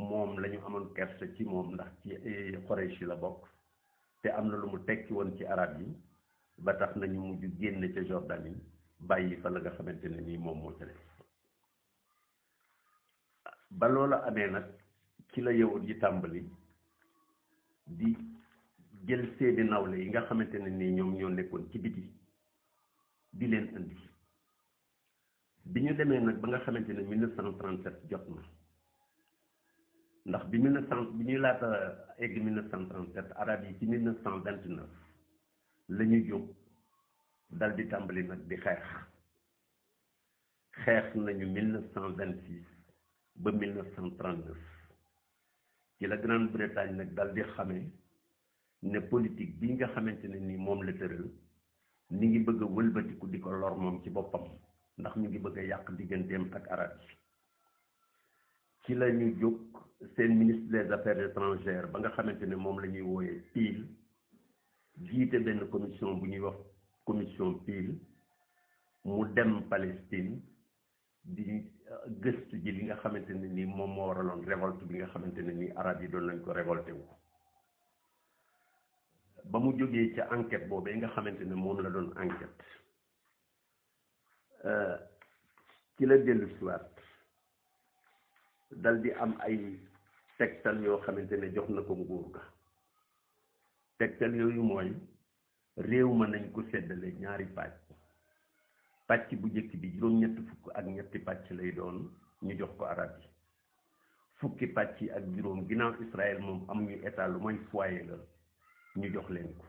moom lañu ñu amoon kersa ci moom ndax ci eh, yi la bokk te am na lu mu tekki woon ci arab yi ba tax nañu mujj génne ca Jordanie bàyyi fa la nga xamante ne nii moom moo ca def ba loola amee nag ci la yawut yi tàmbali di jël seeni nawle yi nga xamante ne nii ñoom ñoo nekkoon ci biti di bi ñu demee nag ba nga xamante ne 1937 jot na ndax bi 1900 bi ñuy laata egg 1937 arab yi ci 1929 la ñu jóg dal di tàmbali nag di xeex xeex nañu 1926 ba 1939 ci la Grande-Bretagne nag dal di xamee ne politique bi nga xamante ne ni moom la mi ngi bëgg a wëlbatiku di ko lor moom ci boppam ndax mu ngi bëgg a yàq digganteem ak arab yi ci la jóg seen ministre des affaires étrangères ba nga xamante ne moom la ñuy wooyee PIL jiite benn commission bu ñuy wax commission PIL mu dem Palestine di gëstu ji li nga xamante ne ni moom moo war waraloon révolte bi nga xamante ne ni arab yi doon nañ ko révolté wu ba mu jógee ca enquête boobee nga xamante ne moom la doon enquête euh, ci la dellu siwaat dal di am ay tegtal yoo xamante ne jox na ko nguur ga tegtal yooyu mooy réew ma nañ ko seddale ñaari pàcc pàcc bu njëkk bi juróom-ñetti fukk ak ñetti pàcc lay doon ñu jox ko arab yi fukki pàcc yi ak juróom ginnaaw Israël moom am ñu état lu mooy foyer la ñu jox leen ko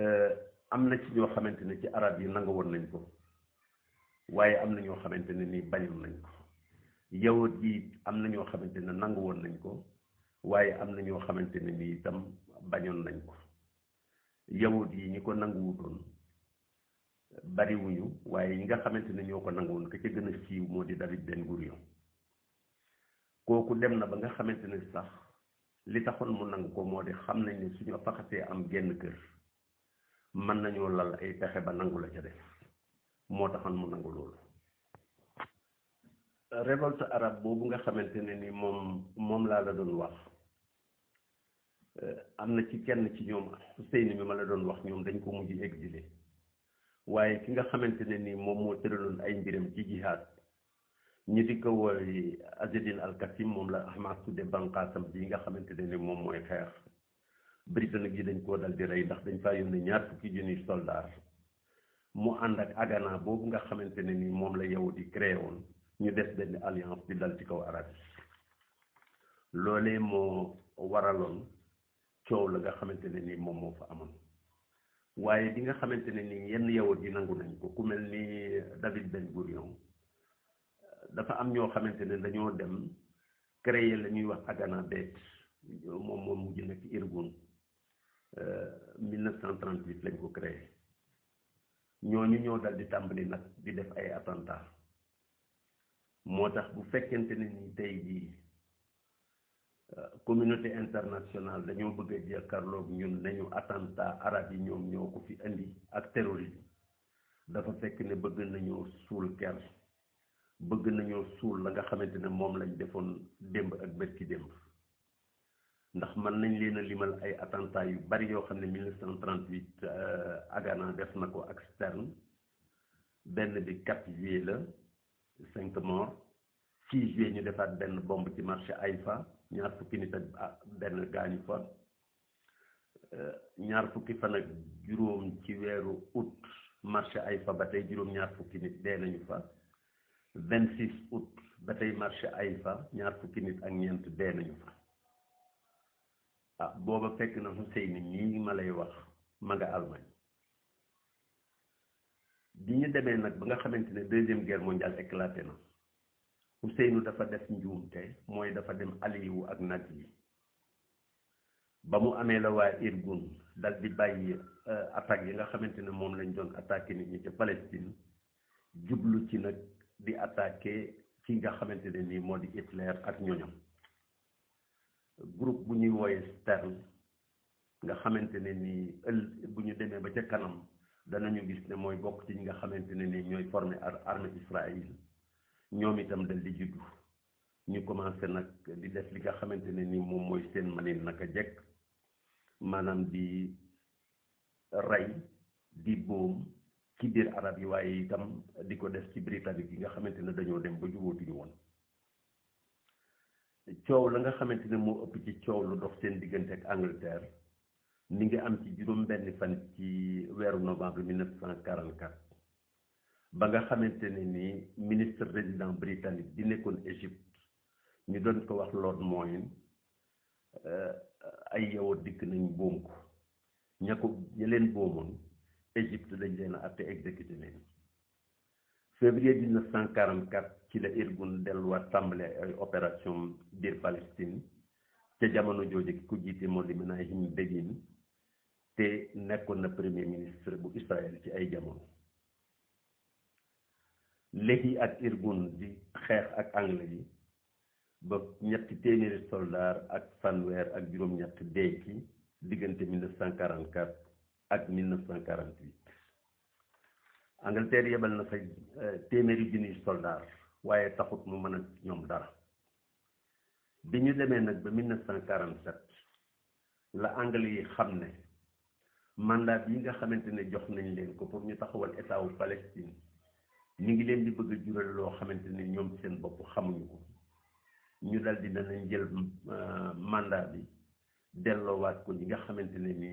euh, am na ci ñoo xamante ne ci arab yi nanga woon nañ ko waaye am na ñoo xamante ne nii bañoon nañ ko yawut am na ñoo nangu woon nañ ko waaye am na ñoo xamante ne nii itam bañoon nañ ko yawut yi ñi ko nanguwutoon bariwuñu waaye ñi nga xamante ne ñoo ko nanguwoon ka ca gën a siiw moo di David Ben Gourion kooku dem na ba nga xamante ne sax li taxoon mu nangu ko moo di xam nañ ne suñu faxasee am genn kër mën nañoo lal ay pexe ba nangu la ca def moo taxoon mu nangu loolu révolte arabe boobu nga xamante ne ni moom moom laa la doon wax euh, am na ci kenn ci ñoom Hussein bi ma la doon wax ñoom dañ ko mujj exilé waaye ki nga xamante ne ni moom moo tëraloon ay mbiram ci jihaad ñi di ko woy Azedine Alkasim moom la Hamas tudde banqaasam bii nga xamante ne ni moom mooy xeex britannique yi dañ koo dal di rey ndax dañ faa yónnee ñaar fukki junniy soldaar mu ànd ak agana boobu nga xamante ne ni moom la yow di créé woon ñu des benn alliance bi dal di kaw arab yi loolee moo waraloon coow la nga xamante ne ni moom moo fa amoon waaye bi nga xamante ne ni yenn yow di nangu nañ ko ku mel ni David Ben Gurion dafa am ñoo xamante ne dañoo dem créer la ñuy wax agana bet moom moom mujj nekk Irgun 1938 lañ ko créé ñooñu ñoo dal di tàmbali nag di def ay attentat moo tax bu fekkente ne ni tey jii euh, communauté internationale dañoo bëgg a jàkkaarloog ñun nañu attentat arab yi ñoom ñoo ko fi indi ak terrorisme dafa fekk ne bëgg nañoo suul ker bëgg nañoo suul la nga xamante ne moom lañ defoon démb ak bërki démb ndax mën nañ leen a limal ay attentat yu bari yoo xam ne 1938 euh, Agana def na ko ak Stern benn bi 4 juillet la 5 morts 6 juillet ñu defaat benn bombe ci marché Haïfa ñaar fukki nit ak ah, benn gaañu fa euh, ñaar fukki fan ak juróom ci weeru août marché Haïfa ba tey juróom ñaar fukki nit dee nañu fa. vingt six août ba tey marché Haïfa ñaar fukki nit ak ñeent dee nañu fa ah booba fekk na Hussein ñii ma lay wax ma Allemagne bi ñu demee nag ba nga xamante ne deuxième guerre mondiale éclaté na Husseinu dafa def njuumte mooy dafa dem aliwu ak nag yi ba mu amee la waa Irgun dal di bàyyi euh, attaques yi nga xamante ne moom lañ doon attaqué nit ñi ca Palestine jublu ci nag di attaqué ki nga xamante ne nii moo di Hitler ak ñooñam groupe bu ñuy wooye Stern nga xamante ne nii ëll bu ñu demee ba ca kanam danañu gis ne mooy bokk ci ñi nga xamante ne nii ñooy former armée Israël ñoom itam dal di juddu ñu commencé nag di def li nga xamante ne nii moom mooy seen manin naka jekk maanaam di rey di boom ci biir arab yi waaye itam di ko def ci britannique yi nga xamante ne dañoo dem ba jubóotuñu woon coow la nga xamante ne moo ëpp ci coow lu dox seen diggante angleterre ni nga am ci juróom benn fan ci weeru novembre 1944 ba nga xamante ne ni ministre résident britannique di nekkoon égypte ñu doon ko wax lord moyen euh, ay yow dikk nañ boom ko ña ko ña leen boomoon Égypte dañ leen a atte exécuté leen février 1944 ci la Irgun delluwaat tàmbali ay opération biir Palestine ca jamono jooju ku jiite moo di Menachem Begin te nekkoon na premier ministre bu Israël ci ay jamono léegi ak Irgun di xeex ak anglais yi ba ñetti téeméeri soldaar ak fanweer ak juróom-ñett dee ci diggante 1944 ak 1948 Angleterre yebal na fa eh, téeméeri junniy soldaar waaye taxut mu mën a ñoom dara bi ñu demee nag ba 1947 la anglais yi xam ne mandat yi nga xamante ne jox nañ leen ko pour ñu taxawal état wu Palestine ñu ngi leen di bëgg a loo xamante ne ñoom seen bopp xamuñu ko ñu dal di danañ jël eh, mandat bi delloowaat ko ñi nga xamante ne ni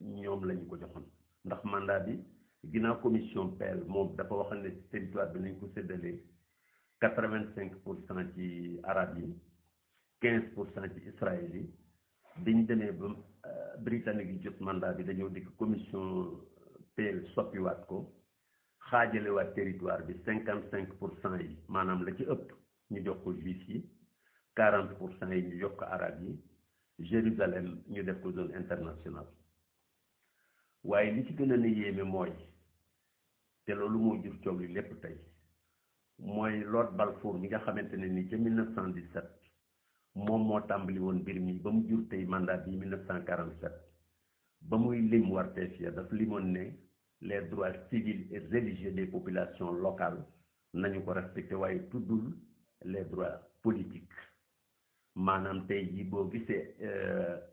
ñoom lañu ko joxoon ndax mandat bi ginnaaw commission PEL moom dafa wax ne territoire bi nañ ko séddalee 85 pour cent ci arab yi quinze pour cent ci israël yi biñ demee ba euh, britannique yi jot mandat bi dañoo dikk commission euh, PEL soppiwaat ko xaajalewaat territoire bi 55 cinq pour cent yi maanaam la ci ëpp ñu jox ko juif yi 40 pour cent yi ñu jox ko arab yi Jérusalem ñu def ko zone internationale waye li ci gën a ne yéeme mooy te loolu mo jur coow li lepp tay moy Lord Balfour mi nga xamante ni ci 1917 mom mo tambali won bir mi bam jur mandat bi 1947 ba muy lim warteef ya daf limoon ne les droits civils et religieux des populations locales nañu ko respecté waye tuddul les droits politiques tay ji bo boo euh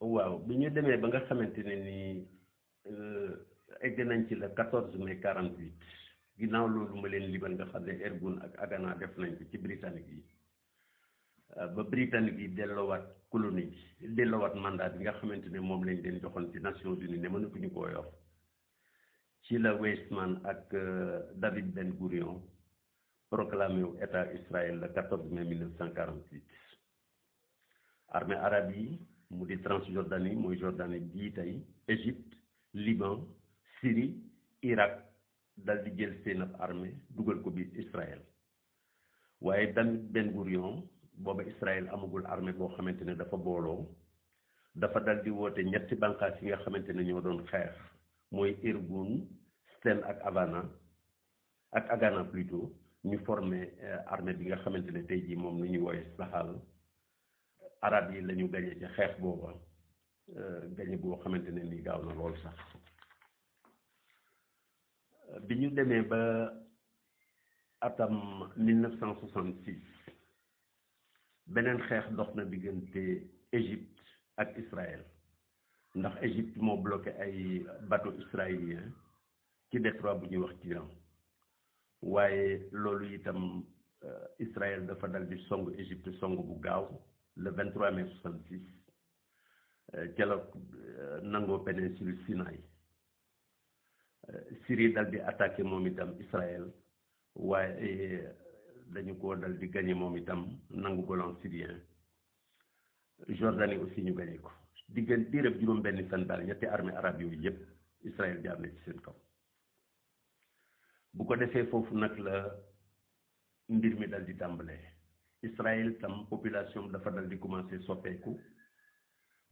waaw bi ñu demee ba nga xamante ne ni euh, egg nañ ci la quatorze mai quarante huit ginnaaw loolu ma leen libal nga xam ne Ergun ak Agana def nañ ko ci britannique yi euh, ba britannique yi delloowaat colonie bi mandat bi nga xamante ne moom lañ leen joxoon ci Nations Unies ne mënatuñu koo yor ci la Weizmann ak euh, David Ben Gourion proclamé wu état Israël le 14 mai 1948 armée arabe yi. mu di Transjordanie mooy Jordanie bii tey Égypte Liban Syrie Irak dal di jël seen ab armée dugal ko biir Israël waaye tamit Ben Gurion booba Israël amagul armée boo xamante ne dafa booloo dafa dal di woote ñetti bànqaas yi nga xamante ne ñoo doon xeex mooy Irgun Stel ak Havana ak Agana plutôt ñu formé euh, armée bi nga xamante ne tey jii moom lu ñuy wooye Sahal arab yi la ñu ci xeex booba euh, gañe boo xamante ne ni gaaw na lool sax biñu démé ba atam 1966 benen xeex dox na diggante Égypte ak Israël ndax Égypte mo bloqué ay bateau israélien ci détroit bu ñuy wax Tiran waaye loolu itam euh, Israël dafa dal di song Égypte song bu gaaw le 23 mai 66 euh, dialogue euh, nangoo péninsule Sinaï euh, Syrie dal di attaqué moom itam Israël waaye dañu ko dal di gagné moom itam nangu Golan syrien Jordanie aussi ñu gagné ko diggante diirëb juróom benn fan daal ñetti armée arabe yooyu yëpp Israël jaar na ci seen kaw bu ko defee foofu nag la mbir mi dal di tàmbalee Israël tam population dafa dal di commencé soppeeku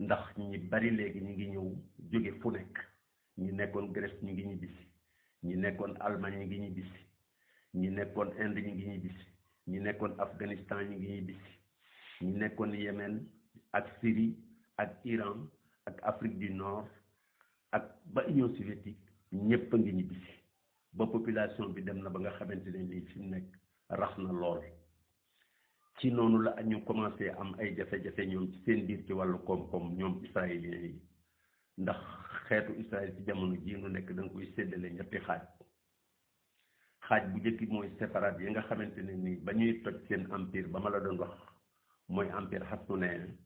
ndax ñi bari léegi ñi ngi ñëw jóge fu nekk ñi nekkoon Grèce ñi ngi ñibbisi ñi nekkoon Allemagne ñi ngi ñibbisi ñi nekkoon Inde ñi ngi ñibbisi ñi nekkoon Afghanistan ñi ngi ñibbisi ñi nekkoon Yémen ak Syrie ak Iran ak Afrique du Nord ak ba Union soviétique ñépp a ngi ñibbisi ba population bi dem na ba nga xamante ne lii fi mu nekk rax na lool ci noonu la ñu commencé am ay jafe-jafe ñoom ci seen biir ci wàllu koom-koom ñoom israéliens yi ndax xeetu Israël ci jamono jii nu nekk da koy séddale ñetti xaaj xaaj bu njëkk mooy séparate yi nga xamante ne nii ba ñuy toj seen empire ba ma la doon wax mooy empire hasmonéen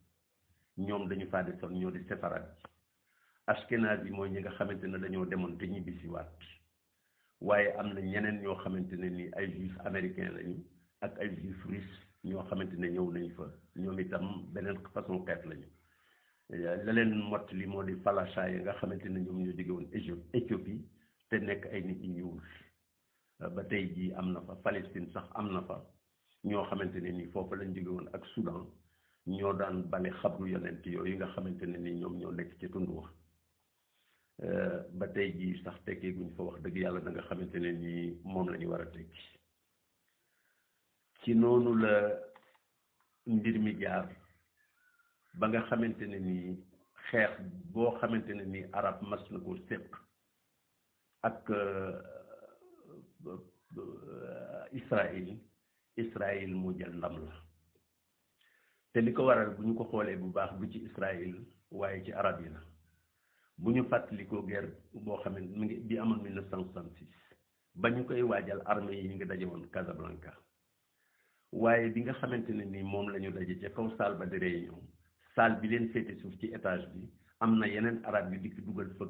ñoom dañu faa desoon ñoo di séparate ashkenaz yi mooy ñi nga xamante ne dañoo demoon te ñibbisiwaat waaye am na ñeneen ñoo xamante ne nii ay juif américain lañu ak ay ñoo xamante ne ñëw nañ fa ñoom itam beneen façon xeet lañu la leen mot li moo di falasha yi nga xamante ne ñoom ñoo jóge woon Éthiopie te nekk ay nit ñu ñuul ba tey jii am na fa Palestine sax am na fa ñoo xamante ne ni foofu lañ jóge woon ak Soudan ñoo daan bale xabru yonent yooyu nga xamante ne ni ñoom ñoo nekk ci tund wax ba tey jii sax tekkeeguñ fa wax dëgg yàlla da nga xamante ne ni moom la ñu war a tekki ci noonu la mbir mi jaar ba nga xamante ne nii xeex boo xamante ne nii arab mas na ko séq ak euh, Israël Israël mu jël ndam la te li ko waral bu ñu ko xoolee bu baax bu ci Israël waaye ci arab yi la bu ñu fàttalikoo guerre boo xamante mi ngi bi amoon 1966 ba ñu koy waajal armée yi nga daje woon Casablanca waaye bi nga xamante ne ni moom lañu ñu daje ca kaw salle ba di réunion salle bi leen féete suuf ci étage bi am na yeneen arab yu dikk dugal fa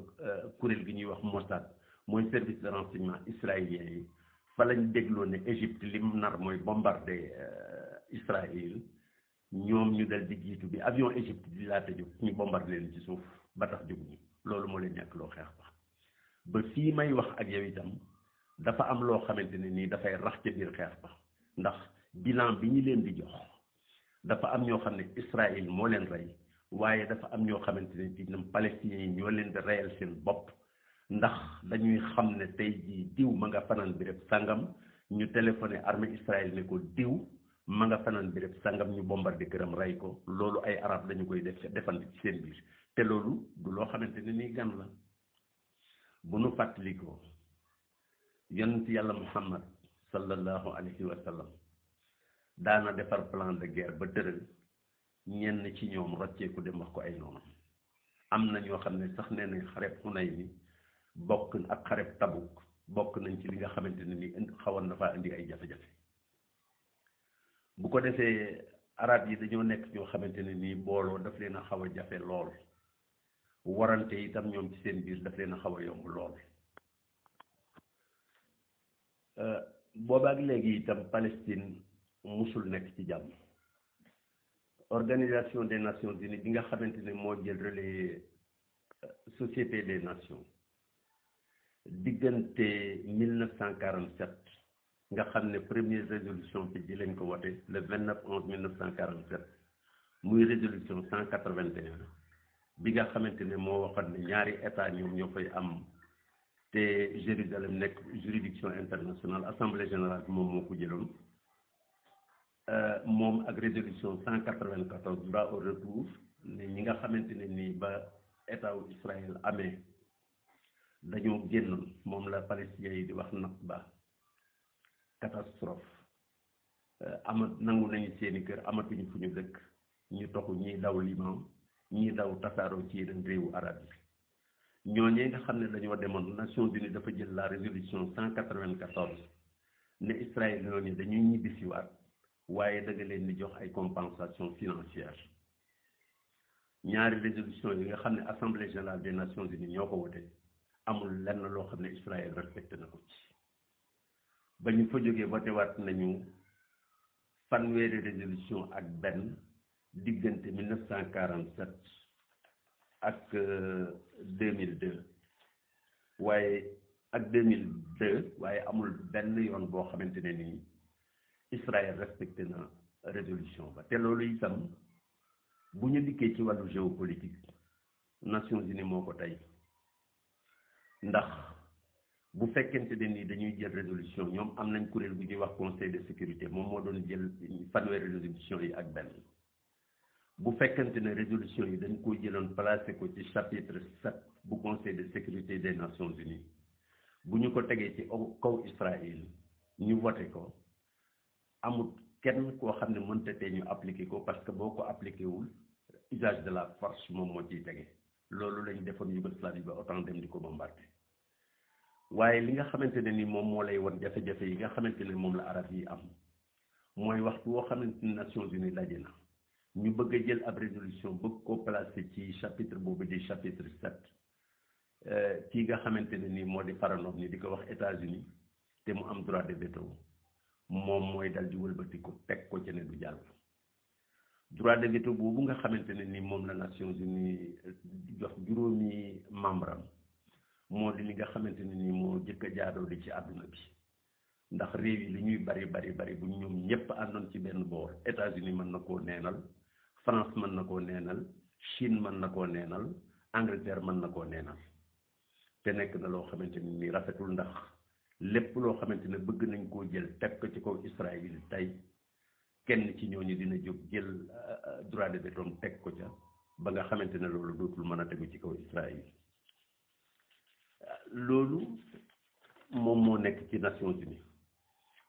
kuréel gi ñuy wax Mossad mooy service de renseignement israélien yi fa lañ dégloo ne Égypte lim nar mooy bombardé Israël ñoom ñu dal di jiitu bi avion Égypte di laata jóg ñu bombardé leen ci suuf ba tax jóg ñu loolu moo leen ñàkk loo xeex ba ba fii may wax ak yow itam dafa am loo xamante ne nii dafay rax ca biir xeex ba ndax bilan bi ñu leen di jox dafa am ñoo xam ne Israël moo leen rey waaye dafa am ñoo xamante ne ci na palestiniens yi ñoo leen di reyal seen bopp ndax dañuy xam ne tey jii diw ma nga fanaan béréb sàngam ñu téléphoné armée ne ko diw ma nga fanaan béréb sàngam ñu bombardé këram rey ko loolu ay arab dañu koy def defante ci seen biir te loolu du loo xamante ne nii gan la bu nu fàttalikoo yonent yàlla muhammad sallallahu alayhi wa sallam daana defar plan de guerre ba tëral ñenn ci ñoom rocceeku dem wax ko ay noonu am na ñoo xam ne sax nee nañ xareb Xunay mi bokk ak xareb Tabuk bokk nañ ci li nga xamante ni xawoon na faa indi ay jafe-jafe bu ko defee arab yi dañoo nekk ñoo xamante ne nii booloo dafa leen a xaw a jafe lool warante itam ñoom ci seen biir daf leen a xaw a yomb lool euh, boobaak léegi itam Palestine musul nekk ci jàmm organisation des nations unies bi nga xamante ne moo jël relais euh, société des nations diggante 1947 nga xam ne première résolution bi ji lañ ko wote le 29 11 1947 muy résolution 181 bi nga xamante ne moo waxoon ni ñaari état ñoom ñoo fay am te Jérusalem nekk juridiction internationale assemblée générale bi moom moo ko jëloon. Euh, moom ak résolution cent quatre-vingt-quatorze droit au retour ne ñi nga xamante ne nii ba état wu Israël amee dañoo génnoon moom la palestiniens yi di wax nakba catastrophe euh, amat nangu nañu seeni kër amatuñu fu ñu dëkk ñu toxu ñiy daw Liban ñiy daw tasaaroo ci yeneen réewu arab yi ñooñee nga xam ne dañoo demoon Nations Unies dafa jël la résolution cent quatre-vingt-quatorze ne Israël ñooñu dañuy ñibbisiwaat waye da nga leen di jox ay compensation financière ñaari résolution yi nga xam assemblée générale des nations unies ñoo ko wote amul lenn loo xam ne Israël respecté na ko ci ba ñu fa jógee voté waat nañu fanweeri résolution ak benn diggante 1947 ak 2002 euh, waaye ak 2002 waaye amul benn yoon boo xamante ne Israël respecté na résolution ba te loolu itam bu ñu dikkee ci wàllu géopolitique Nations Unies moo ko tey ndax bu fekkente ne ni dañuy jël résolution ñoom am nañ kuréel bu ñuy wax conseil de sécurité moom moo doon jël fanweeri résolution yi ak benn bu fekkente ne résolution yi dañ koo jëloon placé ko ci chapitre sept bu conseil de sécurité des nations unies bu ñu ko tegee ci kaw Israël ñu voté ko amul kenn koo xam ne mënta tee ñu appliqué ko parce que boo ko appliqué wul usage de la force moom moo ciy tege loolu lañ defoon Yougoslavie ba autant dem di ko bombardé waaye li nga xamante ne ni moom moo lay won jafe-jafe yi nga xamante ne moom la arab yi am mooy waxtu woo xamante ni Nations Unies daje na ñu bëgg a jël ab résolution bëgg koo placer ci chapitre boobu di chapitre sept euh, kii nga xamante ne ni moo di faranoom nii di ko wax États-Unis te mu am droit de veto moom mooy dal di wëlbatiku teg ko ci du jàll droit de veto boobu nga xamante ne ni moom la Nations Unies jox juróomi membre am moo di li nga xamante ne ni moo jëkk a jaadoo di ci àdduna bi ndax réew yi li ñuy bari bari bari bu ñoom ñépp àndoon ci benn boor États-Unis mën na koo neenal France mën na koo neenal Chine mën na koo neenal Angleterre mën na koo neenal te nekk na loo xamante ne rafetul ndax lépp loo xamante ne bëgg nañ koo jël teg ko ci kaw Israël tey kenn ci ñooñu dina jóg jël euh, droit de veto teg ko ca ba nga xamante ne loolu dootul mën a tegu ci kaw Israël euh, loolu moom moo nekk ci Nations Unies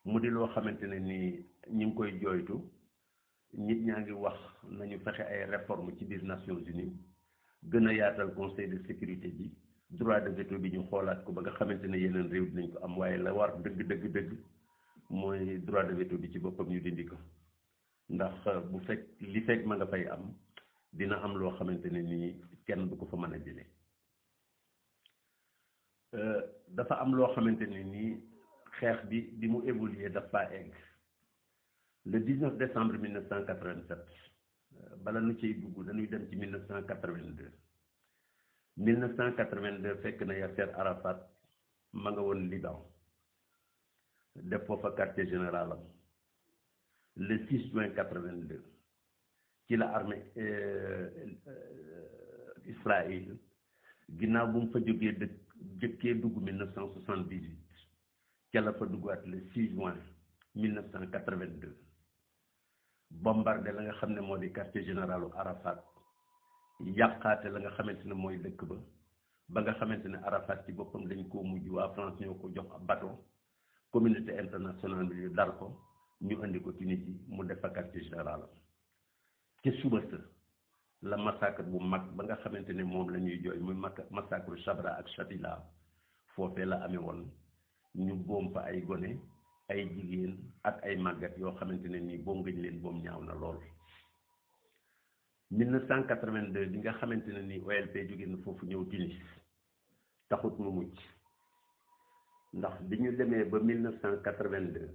mu di loo xamante ne ni ñu ngi koy jooytu nit ñaa ngi wax nañu fexe ay réforme ci biir Nations Unies gën a yaatal conseil de sécurité bi droit de veto bi ñu xoolaat ko ba nga xamante ne yeneen réew dinañ ko am waaye la war dëgg dëgg dëgg mooy droit de veto bi ci boppam ñu dindi ko ndax euh, bu fekk li fekk ma nga fay am dina am loo xamante ne nii kenn du ko fa mën a jëlee euh, dafa am loo xamante ne nii xeex bi bi mu évoluer dafa egg le 19 décembre 1987 euh, bala nu ciy dugg dañuy dem ci 1982. 1982 fait na Yasser Arafat ma nga woon Liban def foofa quartier général le 6 juin 1982 ci la armée euh, euh, Israël ginnaaw bu fa jógee 1978 ca la fa le 6 juin 1982 bombardé la nga xam ne quartier général Arafat yàqaate la nga xamante ne mooy dëkk ba ba nga xamante ne Arafat ci boppam dañ koo mujj waa France ñoo ko jox ab bateau communauté internationale bi yu dar ko ñu indi ko Tunisie mu def quartier général ca suba sa la massacre bu mag ba nga xamante ne moom la ñuy jooy muy massacre Chabra ak Chatila foofee la amee woon ñu boom fa ay gone ay jigéen ak ay màggat yoo xamante ne nii boom gañ leen boom ñaaw na lool 1982 bi nga xamante ni OLP jóge na foofu ñëw Tunis taxut mu mucc ndax biñu démé ba 1982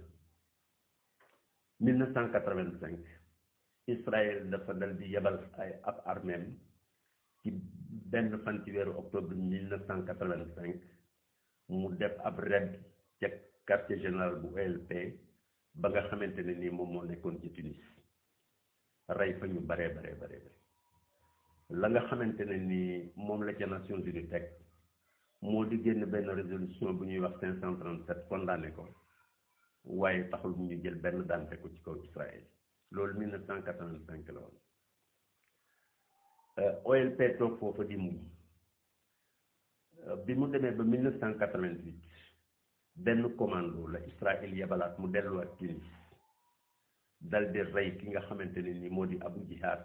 1985 Israël dafa dal di yebal ay ab armeem ci benn fan ci weeru octobre 1985 mu def ab raid ca quartier général bu OLP ba nga xamante ni moom moo nekkoon ci Tunis. rey fa ñu baree baree baree bare la nga xamante ne ni moom la ca Nations Unies teg moo di génn benn résolution bu ñuy wax 537 condamné ko waaye taxul mu ñu jël benn daan ko ci kaw Israël loolu 1985 la woon euh, OLP toog foofa di mu euh, bi mu demee ba 1988 benn commando la Israël yebalaat mu delluwaat Tunis dal di rey ki nga xamante ne ni moo di abu jihaad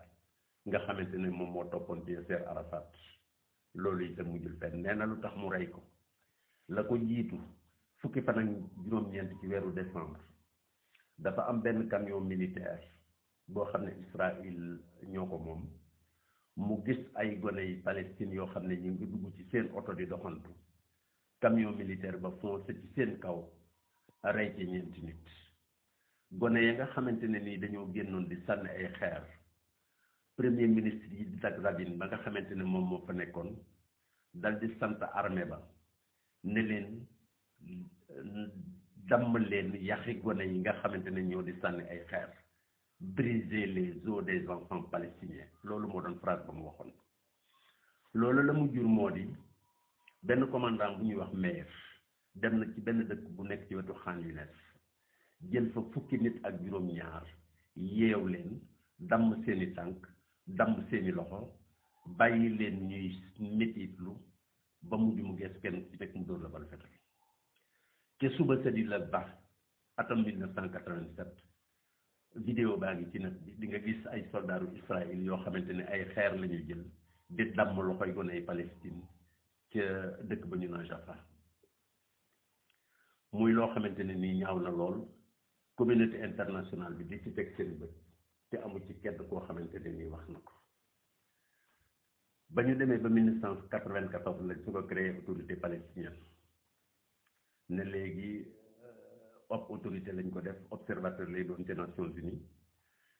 nga xamante ne moom moo toppoon ci Yasser Arafat loolu itam mujjul fenn nee na lu tax mu rey ko la ko jiitu fukki fan juróom-ñeent ci weeru décembre dafa am benn camion militaire boo xam ne Israël ñoo ko moom mu gis ay gone yi Palestine yoo xam ne ñu ngi dugg ci seen oto di doxantu camion militaire ba foncé ci seen kaw rey ci ñeenti nit gone ya nga xamante ne nii dañoo génnoon di sànni ay xeer premier ministre yi di Yitzhak ba nga xamante ne moom moo fa nekkoon dal di sant armée ba ne leen damm leen yaxi gone yi nga xamante ne ñoo di sànni ay xeer briser les os des enfants palestiniens loolu moo doon phrase ba mu waxoon loolu la mu jur moo di benn commandant bu ñuy wax maire dem na ci benn dëkk bu nekk ci wetu Khan Younes jël fa fukki nit ak juróom ñaar yeew leen damm seeni tànk damm seeni loxo bàyyi leen ñuy métitlu ba mujj mu gees kenn ci fekk mu dóor la bal fetal te suba sa di la bax atam 1987 vidéo baa ngi ci nag bi di nga gis ay soldaaru Israël yoo xamante ne ay xeer la ñu jël di damm loxoy gone ay Palestine ca dëkk ba ñu naan jafa muy loo xamante ne nii ñaaw na lool communauté internationale bi di ci teg seen bët te amul ci kenn koo xamante ne nii wax na ko ba ñu demee ba 1994 lañ su ko créé autorité palestinienne ne léegi op euh, autorité lañ ko def observateur lay doon ci Nations Unies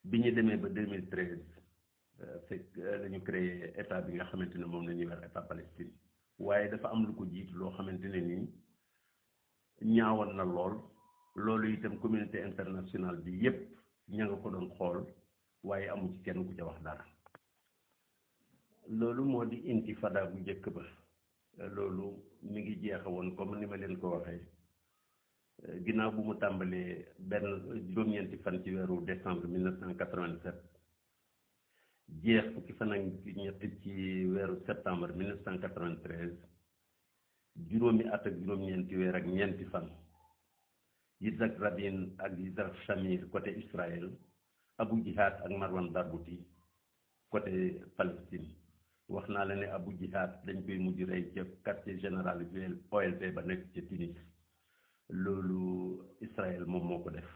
bi ñu demee ba 2013 euh, fekk euh, la ñu créé état bi nga xamante ne moom la ñuy wax état Palestine waaye dafa am lu ko jiitu loo xamante ne nii ñaawoon na lool. loolu itam communauté internationale bi yépp ña ko doon xool waaye amu ci kenn ku ca wax dara loolu moo di intifada bu njëkk ba loolu mu ngi jeexa woon comme ni ma leen ko waxee ginnaaw bu mu tàmbalee benn juróom-ñeenti fan ci weeru décembre 1987 jeex fukki fan ak ñett ci weeru septembre 1993 juróomi at ak juróom-ñeenti weer ak ñeenti fan Yitzhak Rabin ak Yitzhak Shamir côté Israël Abu Jihad ak Marwan Darbouti côté Palestine wax naa la ne Abu Jihad dañ koy mujj rey ca quartier général bi OLP ba nekk ca Tunis loolu Israël moom moo ko def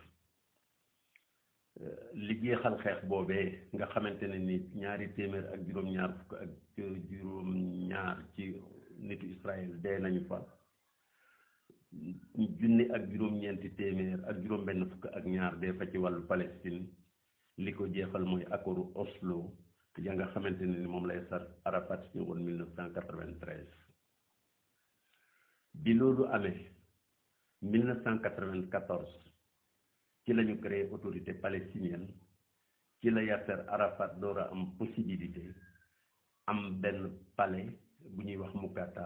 euh, li jeexal boobee nga xamante ne ni ñaari téeméer ak juróom-ñaar fukk ak juróom-ñaar ci nitu Israël dee nañu fa junni ak juróom-ñeenti téeméer ak juróom-benn fukk ak ñaar dee fa ci wàllu Palestine li ko jeexal mooy Oslo ya nga xamante ne ni lay sar Arafat si woon 1993 bi loolu amee 1994 ci lañu créé autorité palestinienne ci la Yasser Arafat door am possibilité am ben palais bu ñuy wax Mukata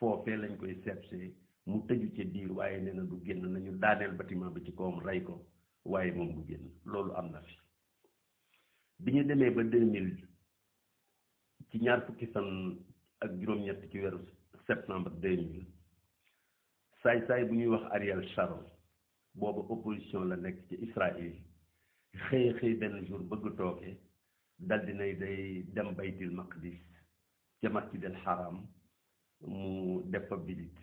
foofee lañ koy seetsee mu tëju ca diir waaye nee na du génn nañu daaneel bâtiment bi ci kawam rey ko waaye moom du génn loolu am na fi bi ñu demee ba deux mille ci ñaar fukki fan ak juróom-ñett ci weeru septembre deux mille saay-saay bu ñuy wax Ariel Sharon booba opposition la nekk ci Israël xëy xëy benn jour bëgg tooke dal dinay day dem baytil maqdis ca masjid al haram mu def ab visite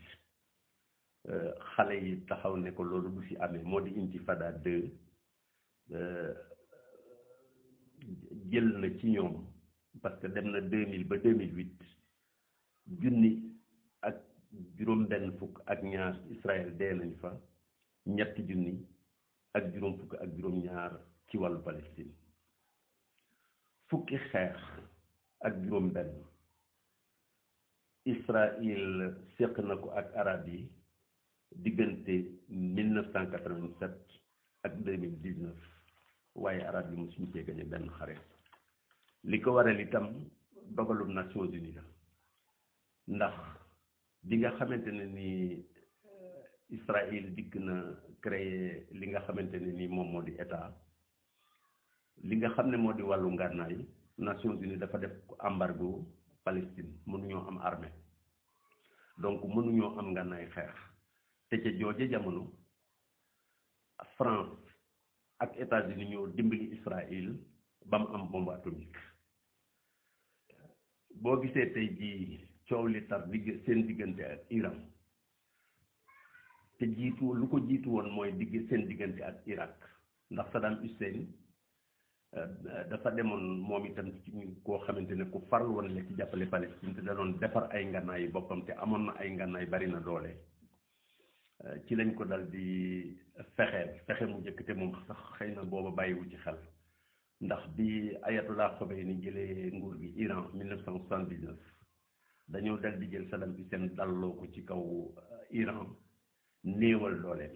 euh, xale yi taxaw ne ko loolu bu fi amee moo di intifada deux euh, jël na ci ñoom parce que dem na deux mille ba deux mille junni ak juróom benn fukk ak ñaar Israël dee nañ fa ñetti junni ak juróom fukk ak juróom ñaar ci wàllu Palestine fukki xeex ak juróom benn Israël séq na ko ak arab yi diggante 1987 ak 2019 waaye arab yi mosuñu cee gañe benn xare li ko waral itam dogalum Nations Unies la ndax bi nga xamante ne nii euh, Israël dikk na créer li nga xamante ne nii moom moo di état li nga xam ne moo di wàllu ngànnaay Nations Unies dafa def embargo Palestine mënuñoo am armée donc mënuñoo am ngànnaay xeex te ca jooje jamono France ak États-Unis ñoo dimbali Israël ba mu am bombe atomique boo gisee tey jii coow li tar seen diggante ak Iran te jiitu lu ko jiitu woon mooy digg seen diggante ak Irak ndax Saddam Hussein Euh, dafa demoon moom itam ci koo xamante ne ku farlu woon la ci jàppale Palestine te da defar ay ngànnaayu boppam te amoon na ay ngànnaay bari na doole euh, ci lañ ko dal di fexeel fexe mu njëkk te moom sax xëy na booba bàyyiwu ci xel ndax bi Ayatollah ni jëlee nguur gi Iran 1979 dañoo dal di jël Saddam Hussein dalloo ko ci kaw euh, Iran néewal dooleem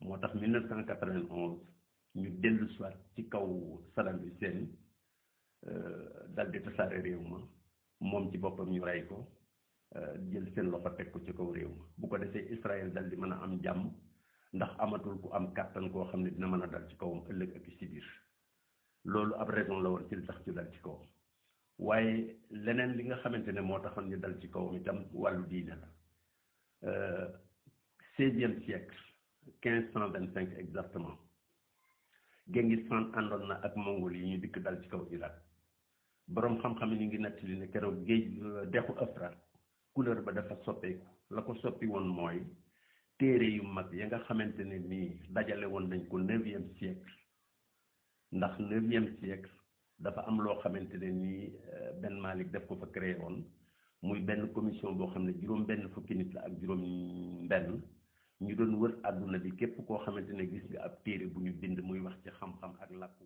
moo tax 1991. ñu dellu soit ci kaw Saddam Hussein euh, dal di tasaare réew ma moom ci boppam ñu rey ko euh, jël seen loxo teg ko ci kaw réew ma bu ko defee Israël dal di mën a am jàmm ndax amatul ku am kàttan koo xam ne dina mën a dal ci kawam ëllëg ak si biir loolu ab raison la woon ci li tax ci dal ci kawam waaye leneen li nga xamante ne moo taxoon ñu dal ci kawam itam wàllu diine la euh, seizième siècle quinze cent vingt cinq exactement Genghis Khan àndoon na ak mongol yi ñu dikk dal ci kaw Irak boroom xam-xam yi ngi nettali ne keroog géej euh, dexu Efrat couleur ba dafa soppeeku la ko soppi woon mooy téere yu mag ya nga xamante ne nii dajale woon nañ ko neuvième siècle ndax neuvième siècle dafa am loo xamante ne nii euh, Ben Malik def ko fa créer woon muy benn commission boo xam ne juróom benn fukki nit la ak juróom benn ñu doon wër àdduna bi képp koo xamante ne gis nga ab téere bu ñu bind muy wax ci xam-xam ak làkku